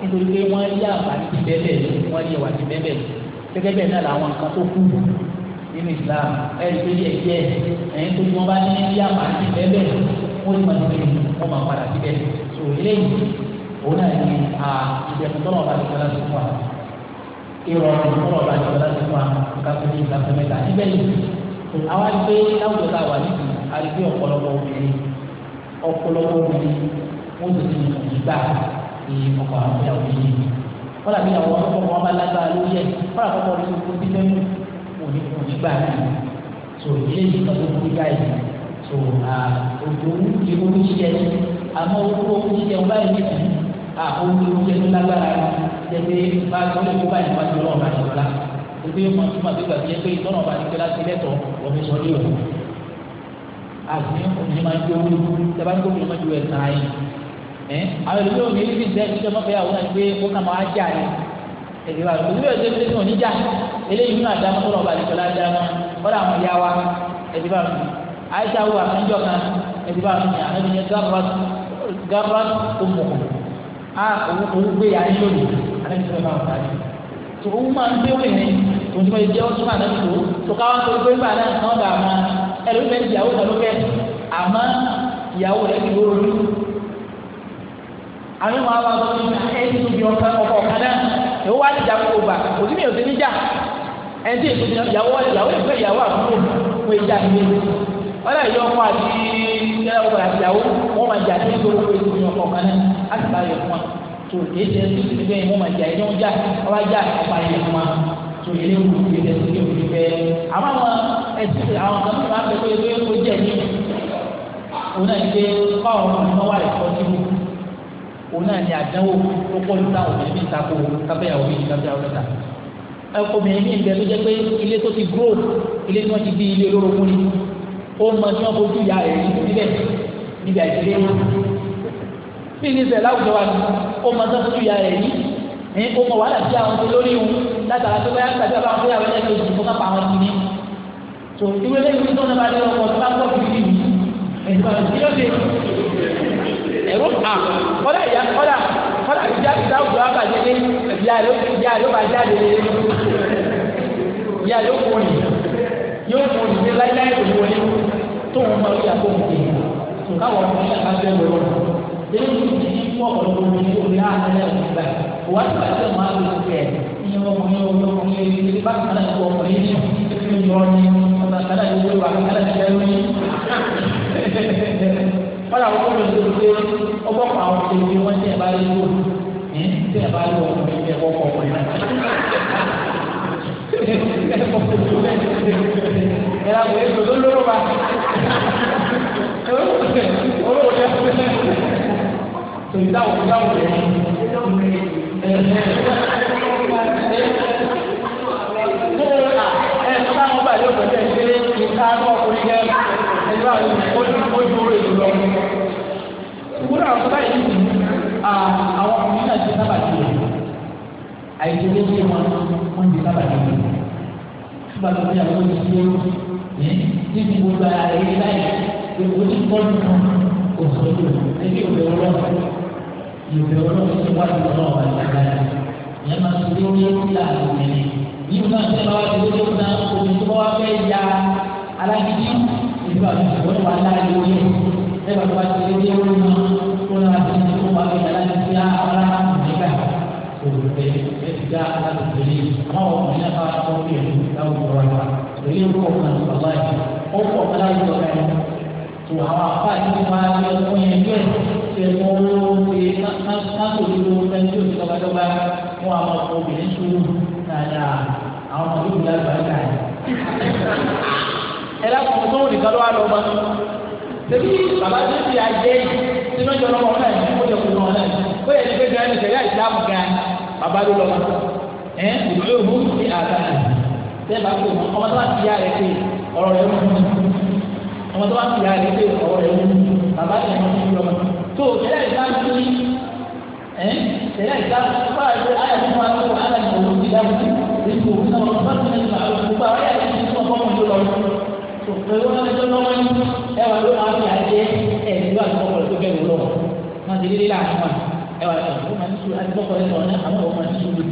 nítorí pé wọn yá àbá ti bẹ́ẹ̀ bẹ́ẹ̀ wọn yẹ wà ti bẹ́ẹ̀ bẹ́ẹ̀ gẹ́gẹ́ bẹ́ẹ̀ náà làwọn nǹkan tó kú nínú Islam ẹ̀rí tó yẹ jẹ́ ẹ̀yìn tó tí wọ́n bá ní ní àmà àti bẹ́ẹ̀ bẹ́ẹ̀ wọ́n ti máa ti bẹ́ẹ̀ wọ́n máa padà síbẹ̀ tó eléyìí òun náà ní à ìbẹ̀rù tọ́lọ̀ bá ti kọ́lá sí fún wa ìrọ̀rùn tọ́lọ̀ bá ti kọ́lá sí fún wa nǹkan tó ní ìlànà mẹ́ta níbẹ̀ yìí àwa ti pé láwùjọ tá a wà níbi àdìgbé ọ̀pọ̀lọpọ̀ obìnrin ọ̀pọ̀lọpọ̀ obìnrin wọ́n ti ti ìgbà kọ́lá bí àwọn ọmọ ọmọ ọba lágbára ló yẹ kọ́lá kọ́kọ́ rí gbogbo bí lẹ́nu òní òní gbà mí so ilé yìí kan tó kú báyìí so òjò oúnjẹ oúnjẹ àmọ́ owó oúnjẹ báyìí nìkan àwọn oúnjẹ tó lágbára jẹ pé bá a kọ́lé kó báyìí wájú ọlọ́run bá yọ̀ ọ́lá ebi ma tó ma fi gbà jẹ pé ìtọ́nà ọba ti kẹlá ti lẹ́tọ̀ wọ́n fi sọ lé òkú àti onímọ̀ ẹgbẹ́ owó tẹ́bá ń gbóbi ọmọdé wẹ̀ sáyé ẹ àwọn ìlú òní ní bíi dẹ́gbẹ́ tó fẹ́ àwọn ẹgbẹ́ kó kà máa jà ní èdè wa ìlú èdè tó tó ní jà eléyìí nínú àdámọ́ tó lọ́ọ́ balẹ̀ pẹ̀lú àdámọ́ kọ́dà àwọn ìyá wa èdè wa nù àyíṣà wo àkànjọ kan èdè wa nù yà ẹni yẹn gàrọ́t tó mọ̀ á òun gbé yà ní lónìí àlẹ́ mi sọ̀rọ̀ bá wà tó òun máa ń gbé wẹ̀rẹ̀ tòun ti máa jẹ́ ọtún àná tó tó káwọn tó gbé gbà náà kàn bá a máa ẹlòmíràn ìyàwó kan ló kẹ́ àmọ́ ìyàwó rẹ̀ ti wó lórí àmì wọn àwọn àgbọn ní ẹni tó bí ọkọ ọkọ ọkọ náà ìwọ wá níjà kó gbà kò sí mi ò sí níjà ẹni tí èso ìyàwó ìyàwó ìfẹ́ ìyàwó àbúrò fún ìjà ìlú wọn náà yọ ọkọ àti ìyàwó àti ìyàwó wọn máa jà sí ìgboro fún èso ìyàwó ọkọ náà á sì bá yọ fún wa tó èyí tẹ ẹni tó ti bẹ́ẹ̀ wọn máa jà ẹni wọn já ọba já ọba yẹ fún wa tó yẹ kó fi ẹsẹ̀ sí òfin bẹ́ẹ̀ àmọ́ àwọn ẹsẹ̀ àwọn kan tó máa ń bẹ pé ó jẹ ní òun náà ń gbé kọ́ ọ̀run ọmọ wa rẹ̀ kọ́ síbi òun náà ní àdánwò tó pọ̀ ní táwọn obìnrin bíi ìtako kábẹ́yàwó bíi kábẹ́yàwó mẹ́ta obìnrin bíi ìbẹ̀ tó jẹ́ pé ilé tó ti grow ilé tí wọ́n ti bí ilé olórogún ni ó mọ tí wọ́n fojú ìyá rẹ̀ níbẹ̀ níbi àìsílẹ̀ bí ní sẹ̀ láwùjọ wa ni ó mọ tí wọ́n fojú ìyá rẹ̀ yìí ní ó mọ wàhálà sí àwọn olórí wọn látara tó bá yàtọ̀ àbá fún yàrá ẹ̀jẹ̀ oṣù tó kápá wọn kìíní tó ìwé lẹ́yìn tó ń bá lé ọkọ̀ ẹ̀rọ hàn kọ́dà ìyá kọ́dà kọ́dà ìyá ìyá òjò àbàjẹ́ dé ìyá rẹ̀ ìyá rẹ̀ bàjẹ́ àdéhùn ìyá rẹ̀ kò ní yóò fún ní láíláí kò ní wọlé tó wọn máa rí àgbo nìké tó káwọn ọmọ yàrá bẹ́ẹ̀ lọ́wọ́ èyí ló ti di fún ọ̀pọ̀lọpọ̀ omi ní omi àárẹ̀ ìgbà wà ní bàtà máa lò ó kẹ̀ ìyẹn ọkùnrin ọkùnrin ìdílé bá kàn án kó ọkùnrin ní ìdílé yọ̀ọ́ ní ọ̀nà kàdá ìwé wà kàdá ìwé wà ní wọn làwọn kó lè lò pé ọgbọ́n pa àwọn tó ti wọ́n tẹ̀ bá lé wò ní tẹ̀ bá lé wò ní tẹ̀ bọ́ kọ̀ wọ́n yẹn. ẹ̀rọ àwọn èso ló lóró wa olówó tẹ fún mi tòyí dáwọ̀ dáwọ̀ rẹ̀ ẹ̀ ẹ̀ ẹ̀ ẹ̀ ẹ̀ ẹ̀ ẹ̀ ẹ̀ ẹ̀ ẹ̀ ẹ̀ ẹ̀ ẹ̀ ẹ̀ ẹ̀ ẹ̀ irú àwọn bàbá yìí sì àwọn ọkùnrin náà ti sábà ti rẹ̀ àìsí ilé tí wọn wọn ti sábà ti rẹ̀ nígbà tó ní àwọn oníṣẹ́ níbi gbogbo ara rẹ̀ yé láyé gbogbo ní bọ́ọ̀lù kan òṣèlú ẹbí òbẹ̀ ọlọ́run ìbẹ̀ ọlọ́run ti wá ìlú náà wà nígbà yẹn ìyẹn máa ti dé ní ìlà àlùmẹ́ni yìí máa ti bá wà ní ìlú náà omi tó bá wà fẹ́ ya alágídí ìlú àti ìwọ́n wà láàyè ẹ bàtà bá ti lé wọ́n mọ́ kó náà ti ní kó wà lóyún aláǹdí sí ara àmàlẹ́kà òwúrẹ́ ẹ ti dá aláǹdí tẹ̀lé àwọn ọkùnrin náà bá tó kí ẹ̀kú láwùjọ wa tẹ̀lé ń kọ́ ọ̀kan tó bàbá yìí ó kọ́ ọ̀kan láwùjọ wa yìí tó àwọn afá yìí wá lé ọkùn yẹn jẹ́ ṣe mọ́ owó ṣe má ẹ lákòókò tó nìkan ló wà lọ́mọ tẹbi baba tó ti ajé tí lọ́jọ́ lọ́wọ́ ọ̀nà yìí kó lè kú lọ́wọ́ náà ó yẹ kí gbẹ́gbẹ́ ẹni sẹ̀yà ìsìlámù gan baba ló lọ́wọ́ ẹ̀ ìdúró ìhú ti àgbà tẹ́ bá kó ọmọ tó bá ti yá rẹ̀ pé ọ̀rọ̀ rẹ̀ wù ọmọ tó bá ti yá rẹ̀ pé ọ̀rọ̀ rẹ̀ wù baba tó yẹ kó lọ́wọ́ tó sẹ̀yà ìsìlámù tó ní ẹ̀ sẹ̀yà ìsìlámù tó bá rẹ̀ pé ayọ̀ tó máa lọ́wọ́ pẹ̀lú wọn lẹ́jọ́ náà wọ́n ní ẹwà ló máa fi àjẹ́ ẹ̀ẹ́dì wà lọ́kọ̀ rẹ̀ tó bẹ̀rù lọ́wọ́ máa ti délé láàrin wa ẹwà ló máa ní sùúrù àti lọ́kọ̀ rẹ̀ sọ̀rọ̀ náà àwọn ọmọ ní sùúrù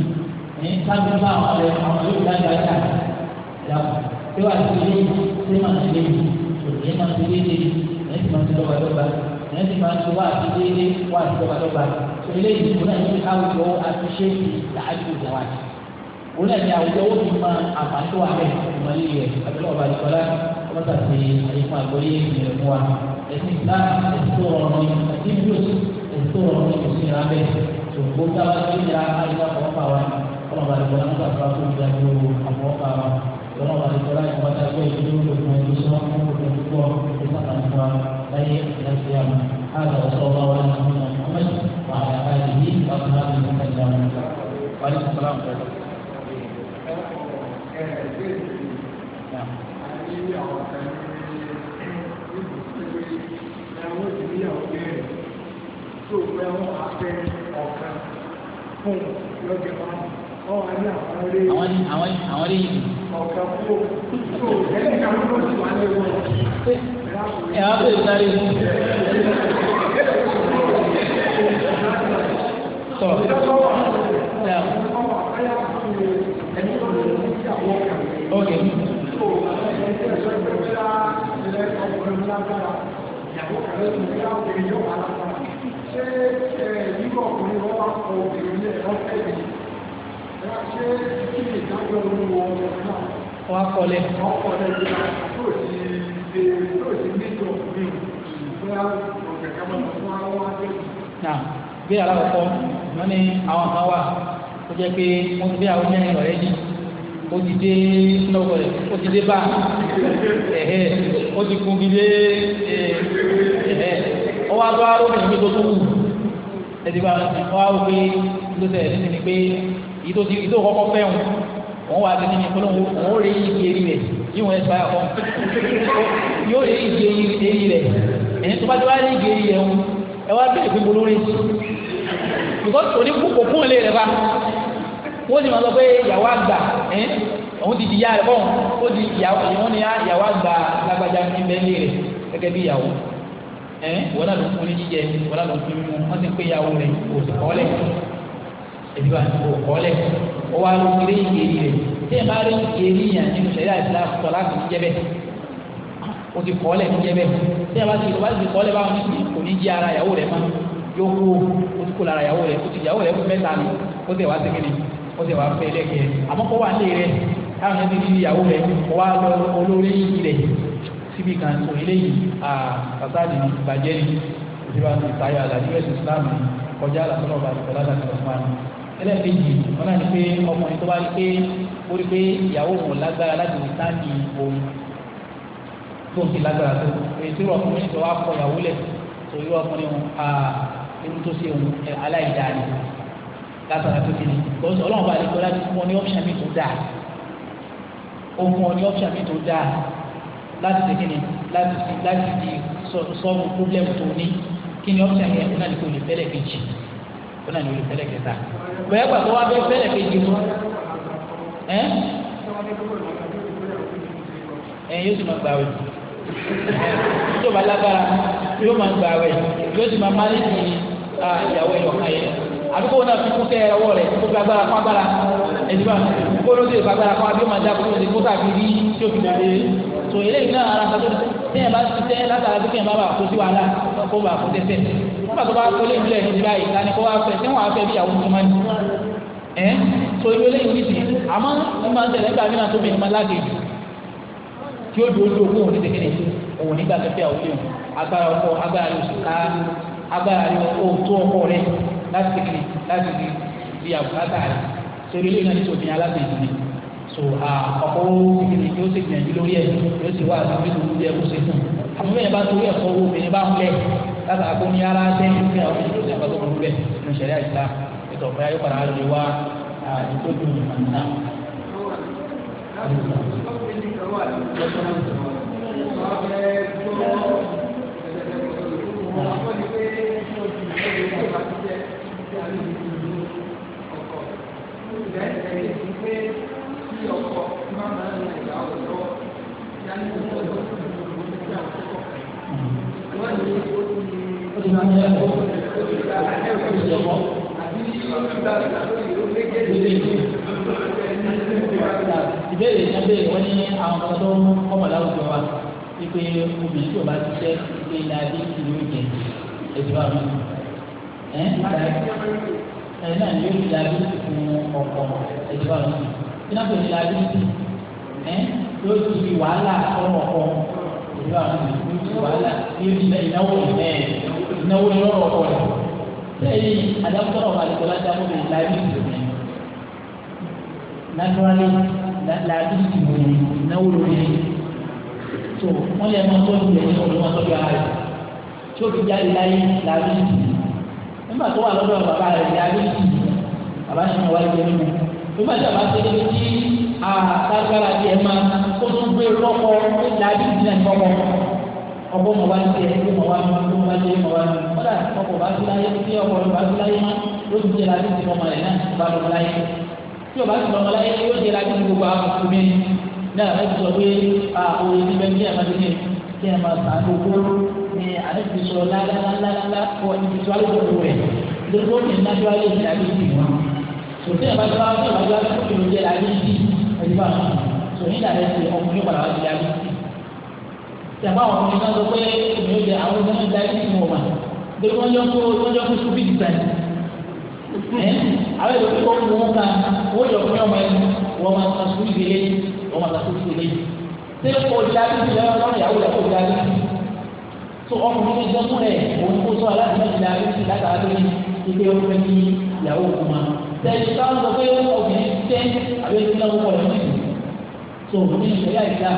ní sábẹ́ bá àwọn ọ̀rẹ́ àwọn yóò dá ìgbà ìjà ìyàwó tí wàá ti délé tí máa ti délé òní máa ti délé ẹ̀ẹ́dì máa ti lọ́kọ̀ lọ́ba ẹ̀ẹ́dì máa ti wá àti délé wá àti lọ́ba lọ́ba eléyìí wọn náà ní àwùjọ àfiṣẹ́yì làájú ìjàwá wọn náà ní àwùjọ ó fi máa àbájọ àbẹ̀ ìmọ̀lẹ́ rẹ̀ àbẹ̀lẹ́ ọ̀bàdìkọ́lá ọlọ́dà ti àyíkún àgbọ̀yé ìpìlẹ̀ fún wa ẹ̀sìn islam ẹ̀sìn tó rọrùn ẹ̀sìn blues ẹ̀sìn tó rọrùn ẹ̀sìn ìrànlẹ́ ṣòkó táwa ti ń ya àyíká fọwọ́fà wa ọlọ́ba àdìgbò náà nígbà tó a tó ń da ju àfọwọ́fà wa ọlọ́ba àdìgbò náà nígbà tó a gbé ìdúró lòkùn ẹ̀dùn sọ́n fún òkùnkùn púpọ̀ ẹ̀sìn àtàkùn wa láyé ìdásíyàmù هذا وصلى الله على سيدنا محمد وعلى اله واصحابه وسلم. وعليكم السلام ورحمه الله sí àwọn ní yìí. Ọ̀kan fún o. sáré mú. Tọ́. Ok tó ẹgbẹ́ ẹ̀ṣọ́ ìgbẹ́gbẹ́ra ilẹ̀ ọkùnrin lágbára ìyàwó kàlẹ́ ìgbẹ́gbẹ́ra obìnrin yóò wà lágbára ṣé yíkọ̀ ọkùnrin wọ́n wá kọ obìnrin ní ẹ̀rọ fẹ́ẹ̀mì ṣé kí ni ìdájọ́ olúwo ọmọ náà. wọ́n á kọ́lẹ̀. wọ́n kọ́lẹ̀ ìgbà tó ti ṣe tó ti ní ìjọkùnrin bóyá ọ̀gẹ̀gẹ̀ mọ́ ọ̀gá wọn á dé. náà bí alákọ̀ọ́kọ́ wọ́n ní àwọn kan wà ó jẹ́ pé wọ́n ti bí àwọn mẹ́rin ọ̀rẹ́ yìí ó ti dé lọ́wọ́ rẹ̀ ó ti dé bá ẹ̀hẹ́ ó ti kun gidé ẹ̀hẹ́ ọwọ́ abọ́ arúgbìn mi tó tó wù ẹ̀dí bá ọwọ́ arúgbìn ló tẹ̀ ẹ̀dí ni pé ìtò ti ìtò kọ́kọ́ fẹ́ wọn wọn wà lẹ́nu ìpínlẹ̀ wọn ò rí igi eri rẹ̀ níwọ̀n ẹ̀sọ́ ayà kan yóò rí igi eri rẹ̀ ẹ̀yìn tó bá ti wá rí igi eri rẹ̀ wọn ẹ wá bẹ̀rẹ̀ fún bolórí because òní kò kún ilé rẹ̀ bá wọ́n sì máa sọ pé ìyàwó àgbà ẹ́ òun ti di ìyá rẹ̀ bọ́ọ̀ ó di ìyàwó ìwọ́n ni ìyàwó àgbà lágbájá ní bẹ́ẹ̀lì rẹ̀ gẹ́gẹ́ bí ìyàwó ẹ́ wọ́n náà ló ń fún ní jíjẹ wọ́n náà ló ń fún ní wọ́n ti pé ìyàwó rẹ̀ òkọ́lẹ̀ ẹ̀bí wa òkọ́lẹ̀ ó wá ló kéré ìkérí rẹ̀ tí ẹ̀ bá rí ìkérí yàn nínú sẹ́yà ìsìlá sọ láti ní jẹ́bẹ̀ ó ti kọ́lẹ̀ ní jẹ́bẹ̀ tí yóò kó o ti kó lára ìyàwó rẹ̀ ó ti ìyàwó rẹ̀ fún mẹ́ta ni ó ti wá sí kí ni ó sì wá fẹ́ ẹlẹ́gẹ̀ àmọ́ kó wà ní rẹ̀ táwọn ẹbí ní ìyàwó rẹ̀ kó wá lọ olórí ilẹ̀ síbi kan tó eléyìí àtàtàdì ìbàjẹ́ ni òṣèlú ìtayọ àlàyé ẹ̀sìn Islam kọjá àlàtọ́nà ọba ìtọ́lá àti ọ̀sán ẹlẹ́ẹ̀kejì wọn náà ní pé ọkùnrin tó bá rí pé ó rí pé ìyàwó òun lágbára láti rí sáàdì òun tó ń fi lágbára tó èyí tí ọkùnrin tó wá kọ ìyàwó lẹ̀ tó irú ọkùnrin òun à irú tó ṣe òun látara tó kiri because ọlọ́run bá àdìgbò láti fún ọ ní option mi tó dáa ó fún ọ option mi tó dáa láti ṣe kíni láti ṣe láti di sọ́ọ̀bù problem tó ní kíni option yẹn ó náà ní kò lè fẹ́lẹ̀ kejì ó náà ní kò lè fẹ́lẹ̀ kẹta bẹ́ẹ̀ gbàgbọ́ wa bẹ́ẹ̀ fẹ́lẹ̀ kejì mọ́ ẹ́ ẹ yóò sì máa gbà wẹ̀ tó bá lágbára yóò máa gbà wẹ̀ yóò sì máa máa ní ah, ìyàwó ẹ̀yọ̀kan àdúgbò náà fi kún kẹ́ ọwọ́ rẹ̀ kó gba agbára fún agbára ẹ̀dùnmá kó ló dé ìfọ̀ agbára fún abíọ́mọ ajá kó ló dé kó tàbí rí tí ó fi lè dé tó eléyìí náà ara sọ́dọ̀ téèyàn bá ti tẹ́ látara bí kéèyàn bá bàa kó sí wàhálà kó bàa kó tẹ́tẹ́ nígbà tó bá kó lé ìlú ẹ̀yìn báyìí lani kó wá fẹ́ tí wọ́n á fẹ́ bí ìyàwó tó máa ń ẹ́ tó ìwé lẹ́yìn ní ti àmọ́ nígbà tẹ̀lé nígbà mìíràn tó bẹ̀rẹ̀ máa lágè jù tí ó dúró dúró kó òun ní tẹ́kẹ́lẹ́ òun nígbà tẹ́fẹ́ àwọn olóyún agbára ọkọ agbára yóò sùn ká agbára yóò tó ọkọ rẹ̀ láti kékeré láti rí bí àbùkátà rẹ̀ sórí ilé náà nítorí aláṣẹ ìdílé so ọkọ̀ kékeré yóò sì gbìyànjú lórí ẹ̀ yóò sì wá àdúgbò tó ń bí ẹkú sí fún àmọ́ bẹ́ẹ̀ bá torí ẹ̀kọ́ owó obìnrin bá ń lẹ̀ láti àkó ní ara sẹ́yìn fún àwọn ìlú ìjọba tó ń bẹ̀ nínú ìṣẹ̀lẹ̀ àìsà ètò ọ̀pẹ́ ayé padà lè wá ìtọ́jú ìmọ̀nà. Thank you àbí ìlú ọkọ ìgbà ìgbàlejò ti pé kí ọkọ má máa ń rìn ìyàwó lọ yálé ìlú ọdún ìlú ìgbà àkókò wọn ni ó ti ó ti máa ń yẹ kó ó ti gba àjẹwò ìjọba àbí ìgbà ìgbàlódé ló lé jẹ́ ìbéèrè yẹn béèrè wọn ní àwọn ọmọ tó ń kọ́mọ láwùjọ wa wípé obìnrin tí o bá ti ṣe ìgbéyàwó ìlú ìjẹ ètò àwọn ọmọ ẹ ẹ náà yóò di liability fún ọkọ ẹ̀jẹ̀ bá wọn kí náà tó di liability ẹ yóò di wàhálà fún ọkọ ẹ̀jẹ̀ bá wọn yóò di wàhálà yóò di ìnáwó ẹ̀ ìnáwó lọ́rọ̀ ọkọ rẹ̀ sẹ́yìn àdàkùtọ̀ ọ̀gá àdìgbò láti àpò bẹ̀rẹ̀ liability rẹ̀ naturally liability rẹ̀ ìnáwó rẹ̀ tó wọ́n yẹ kó tó di ẹ̀yìn olùmọ̀tọ́jú ara rẹ̀ tó fi jáde láyé liability nígbà tó wà lọ́dọ̀ bàbá rẹ̀ ní abéjì bàbá ṣe wá jẹ nínú nígbà tí bàbá ṣe ní tí àtàgbára tiẹ̀ máa kó tún gbé lọ́kọ́ láti ìdílé kọ́kọ́ ọgbọ́n mọ̀ wá ní tiẹ̀ ẹgbẹ́ mọ̀ wá ní ọdún mọ̀ wá ní mọ̀ wá ní kọ́dà ọkọ̀ bá ti láyé tí ọkọ̀ rẹ̀ bá ti láyé má yóò ti jẹ́ láti ti ọmọ rẹ̀ náà bá lọ́mọ láyé tí ọba ti lọ́mọ láyé yóò jẹ́ láti ní àdébìsọ lálálálálá wọ ìbísọ alóòkú rẹ lóko ní nàdúrálẹ ìdàgbé ti wọn sòtẹ́ ìbájúwá ìbájúwá tó kìlọ̀ jẹ́ la yé ti ẹ̀dúgbà sòní ìdàgbé ti ọkùnrin padà wá ti yá lóko tẹ̀fọ́ àwọn ọkùnrin náà sọ pé èmi ò jẹ àwọn ọmọ ìdá yé ti mọ̀ wá lóko wọn yọ kó wọn yọ kó sùpì ti tàn ẹ̀ àwọn èdè kó kó wọn kan wọn yọ fún ọmọ ẹni wọn máa ta sùpì ìdílé wọn máa ta sùpì ìdílé tẹ́lẹ̀ kó ìdílé tó ọkùnrin ní ìjọ́kùn rẹ̀ òun kó sọ aláàbí náà ti darí sí látara tó ní ike ọ̀fẹ́ ní ìyàwó òkú ma. tẹ̀sí ká ń sọ pé obìnrin tẹ́ àbẹ́ tó náà wọ̀ lọ́wọ́ ìlú tó ní ìṣẹ̀lẹ̀ àìsà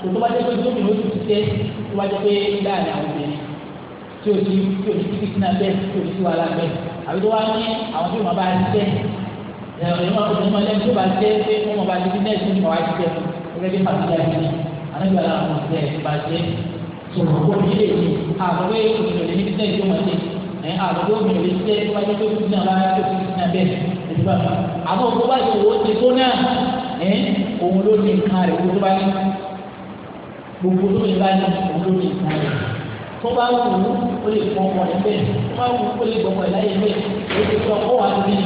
tó tó bá jẹ́ pé gómìnà ó ti tẹ́ tó bá jẹ́ pé láàrin àwọn obìnrin tí o ti tí o ti tí kìsìnà bẹ́ẹ̀ tí o ti tí wàhálà bẹ́ẹ̀ àbí tó wá ní àwọn tí o máa bá ti tẹ́ ẹ̀rọ ìmọ̀ ọ̀dùnmọ̀ lẹ́nu tó bá tẹ́ pé wọ́n máa bá ti tẹ́ ẹ̀sìn ìmọ̀ wá ti tẹ́ ẹgbẹ́ bí pàṣẹ àti ànágbé aláwọ̀ tẹ́ ẹ̀ bá tẹ́ tó kó ní ilé yìí àgbẹ̀ òmìnira lè ní bísí ẹ̀jọ́ wọn ṣe ẹ̀ àgbẹ̀ òmìnira lè ṣe tó bá yẹ kó fi náà bá tó fi náà bẹ́ẹ̀ ẹ̀jẹ̀ bá àbọ̀ tó bá yẹ owó ti tó náà ẹ̀ òun ló ní nǹkan rẹ̀ gbogbo bá ní gbogbo tó yẹ bá ní òun ló ní nǹkan rẹ̀ tó bá wù ú ó lè fọ ọmọ rẹ̀ bẹ́ẹ̀ tó bá wù ú ó lè gbọmọ rẹ̀ láyé bẹ́ẹ̀ ó ti sọ ọkọ wa ní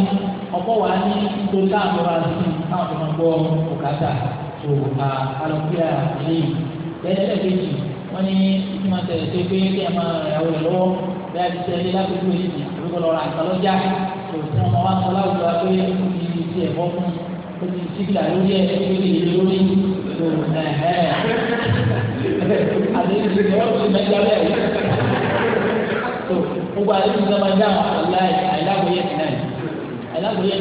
ọkọ wa ní nítorí káàmù wa sí káàmù wa gbọ́ òkàtà tó a alọ́kíà lẹ́yìn lẹ́yìn lẹ́yìn wọ́n ní ìtì máa tẹ̀lé tó pé kí ẹ máa ìyàwó rẹ̀ lọ́wọ́ bí a ti tẹ̀ lé lápẹ́jú èyí ni àbíkọ́ lọ́ra àgbàlọ́jà tó tí wọ́n wá sọ láwùjọ pé ó ti ti ẹ̀fọ́ fún ó ti sígìlà lórí ẹ̀ ó ti lè lórí tó ẹ̀hẹ́ àdéhùn ti lọ́wọ́ ti mẹ́jọ lẹ́yìn tó gbogbo àdéhùn ti máa dáhùn àláì àìlágbóyè náà àìlágbóyè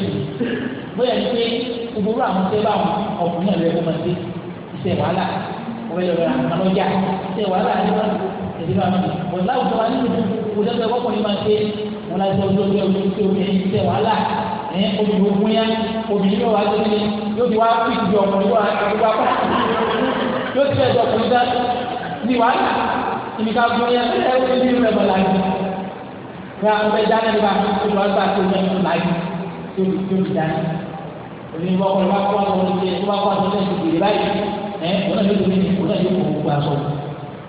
bóyá ní pé gbogbo àwọn tẹ́ bá ọkùnrin náà lẹ́kọ́ máa dé iṣẹ́ wàhálà wọ́n yọrọ àwọn ọjà ṣe wàhálà ní wọn èdè máa mi wọ́n láwùjọ wa nínú wọ́n dẹ́gbẹ́ wọ́pọ̀lì máa ṣe wọ́n láti ọjọ́ ọjọ́ ọjọ́ tí omi ẹ̀yìn ṣe wàhálà ẹ̀ obìnrin ogun yá obìnrin yóò wá sókè yóò ti wá kú ìdíje ọkùnrin wá àdúgbò apá yóò ti bẹ̀rẹ̀ ọkùnrin dá ní wàhálà ibi ká gbọ́ yẹn ẹ̀ ẹ̀ ẹ̀ ẹ̀ ẹ̀ láyé ní àwọn ọbẹ̀ dáná ní wa gbà tó yẹ ẹ wọn náà yóò tó nínú wọn náà yóò kọ gbogbo aṣọ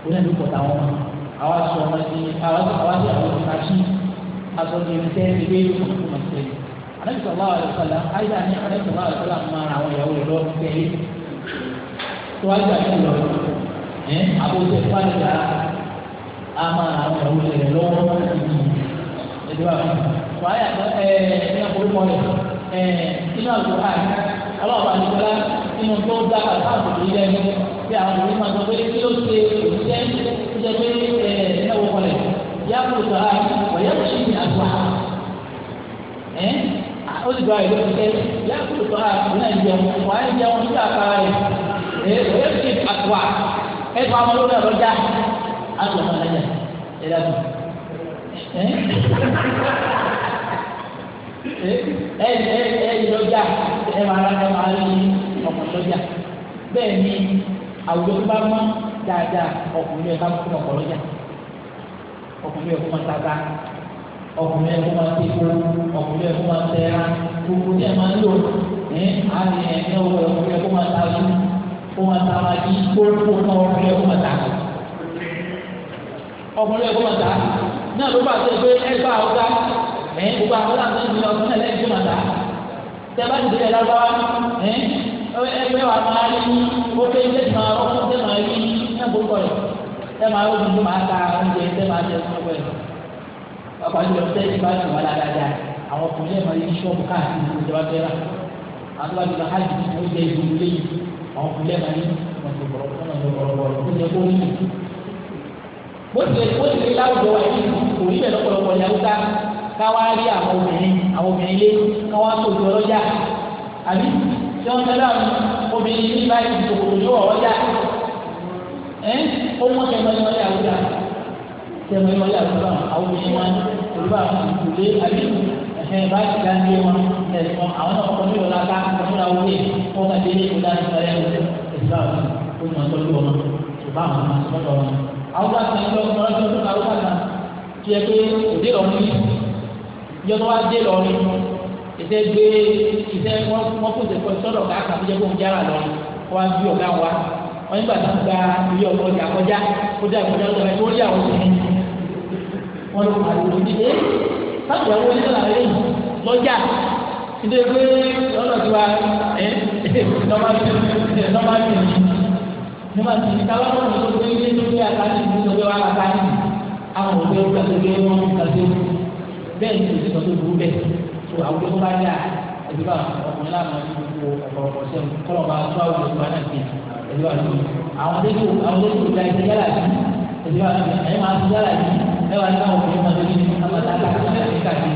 wọn náà yóò kọ tàwọn ọmọ àwọn aṣọ ọmọ ti àwọn aṣọ àwọn aṣọ àwọn aṣọ aṣọ ti ń tẹ ẹgbẹ́ yóò kọ fún ọmọ tẹ́lẹ̀ alẹ́ sọ̀rọ̀ àwọn àlọ́ sọ̀rọ̀ àyíká ní alẹ́ sọ̀rọ̀ àlọ́ sọ̀rọ̀ máa ra àwọn ìyàwó rẹ̀ lọ tẹ́lẹ̀ tó wájú àti ìlọ ẹ àbójútó ìpàdé a máa ra àwọn ìyàwó rẹ̀ lọ́wọ́ ẹ̀dùn àwọn wàhálà ẹ̀ ẹ̀ ẹ̀ ẹ̀ ọlọ́ọ̀bà nìkọ́lá nínú tó dá àtàkùn yìí lẹ́nu bí àwọn òbí máa sọ pé kí ló ṣe òṣìṣẹ́ ṣiṣẹ́ pé ẹ ẹ wọ kọlẹ̀ yá kúrò sọ̀rọ̀ ọ̀yá kò ah, ṣe ìyá tó a ẹ ó sì gba ìlú ṣiṣẹ́ yá kúrò sọ̀rọ̀ ọ̀nà ah, ìjẹun wàá ń jẹun nígbà kára rẹ̀ ẹ ọ̀yá kò ṣe àtùwà ẹ fọ àwọn olórí ọ̀rọ̀ já àtùwà náà lẹ́yìn ẹ dábò ẹ ẹ ẹ ẹ lọ́jà ẹ máa rà ẹ máa rí ọkọ̀ lọ́jà bẹ́ẹ̀ ni àwùjọ tó bá mọ́ dáadáa ọkùnrin ẹ̀ bá mọ́ fún ọkọ̀ lọ́jà ọkùnrin ẹ̀ kó máa tata ọkùnrin ẹ̀ kó máa tẹ̀kọ́ ọkùnrin ẹ̀ kó máa tẹ̀ra gbogbo ní ẹ̀ máa ń lò ẹ̀ á ní ẹ̀ ní ọwọ́ ọkùnrin ẹ̀ kó máa ta ojú kó máa ta máa di gbogbo náà ọkùnrin ẹ̀ kó máa ta ọkùnrin ẹ̀ kó máa ta náà ló bá tẹ̀ pé ẹ ẹ gbogbo àwọn láti ṣe ìlú ọdún ẹlẹ́yìn tó nàdá tẹ bá ti délẹ̀ lọ́wọ́ ẹ ẹgbẹ́ wa máa rí ó pé ilé ìgbà ọkọ̀ tẹ máa rí ẹ gbogbo rẹ̀ tẹ máa rí ojú máa ta oúnjẹ tẹ máa jẹ fún ọgbẹ́ rẹ̀ ọkọ̀ àti ìjọba tẹ́lẹ̀ bá ti wà dáadáa àwọn ọkùnrin ẹ̀ máa rí ṣọ́ọ̀bù káàkiri ìjọba tẹ́lá àtúwà ti lọ hajj oúnjẹ ìdúró léyìn àwọn ọkùnrin ẹ̀ máa rí mọ̀tòkọ̀rọ̀ mọ̀tòkọ̀rọ̀ káwá rí àwọn obìnrin àwọn obìnrin lé káwá tó ju ọlọ́jà àbí tí wọ́n tẹ́lẹ̀ àwọn obìnrin ní báyìí tòkòtò yóò ọlọ́jà ẹ́ ó mú tẹ̀mọ́lẹ́mọ́lẹ́ àwùjọ tẹ̀mọ́lẹ́mọ́lẹ́ àwùjọ àwọn obìnrin wọn olùbá ìdílé àbí ẹ̀hẹ́ báyìí dáńdé wọn ẹ̀sùn àwọn náà kọ́ ní ọ̀la ká ọ̀fúnra wọlé fún ọ̀gá délé ọ̀la ìfọ̀rẹ́ ẹ̀sùn àwọn olùmọ̀tọ́jú wọn ṣùgbọ́n àwọn ọmọ àti ń lọ ìjọ tó wá dé lọrin ìṣe gbé ìṣe wọn wọn kò tẹ kọjú sọ́dọ̀ ká kàbíjẹ kó ń jára lọrin wọn á bí ọgá wa wọn nígbà tó ń gba ilé ọkọ ọjà kọjá ó dá ìkọjá lọ ẹni tó rí àwọn òṣèlú wọn ló máa lò ní ẹ sábà wọn ní ìlànà yìí lọjà ìdè gbé lọ́dọ̀ tí wa ẹ lọ́wọ́ ti ẹ lọ́wọ́ ti ní ní ma ti káwọn ọmọ tó gbé ilé tó gbé àtàkì tó gbé wa àtàkì àwọn òbí ọgbà tó gbé wọn kàdé wọn bẹ́ẹ̀ ni òsì kan tó burú bẹ́ẹ̀ tó àwọn tó bá yà ẹbí bá ọkùnrin láàmú ní gbogbo ọ̀pọ̀lọpọ̀ sẹ́wọ̀n kọ́lọ̀ bá tó àwọn olùkọ́ náà ti ẹbí bá tó àwọn tó tó àwọn tó tó da ẹbí yálà bí ẹbí bá tó ẹ̀yìn máa tó yálà bí ẹwà ní káwọn obìnrin máa tó ní àbàtà àti ètò àti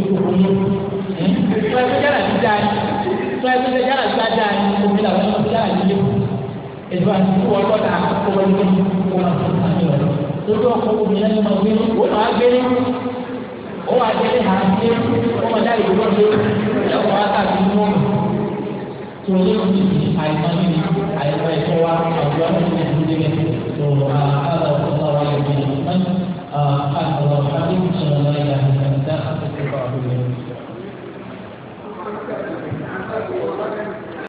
ìwọ lọ́dà ọ̀pọ̀lọpọ̀ ìwọ lọ́dà ọ̀pọ̀lọpọ̀ ìwọ lọ́dà ọ̀pọ̀lọpọ̀ ìwọ lọ́dà ọ̀pọ̀lọpọ̀ ìwọ lọ́dà ọ̀pọ̀lọpọ̀ ìwọ lọ́dà ọ̀pọ̀lọpọ̀ ìwọ lọ́dà ọ̀pọ̀lọpọ̀ ó wà jẹ́lẹ̀ hàn sí ó wọ́n dáì lọ́wọ́ lé ẹ̀kọ́ wákàtí mú tó lé òní àìmọ́ nínú àìmọ́ ẹ̀kọ́ wa àwùjọ nínú ìdílé rẹ̀ tó ààrẹ ọ̀sán wa yẹ̀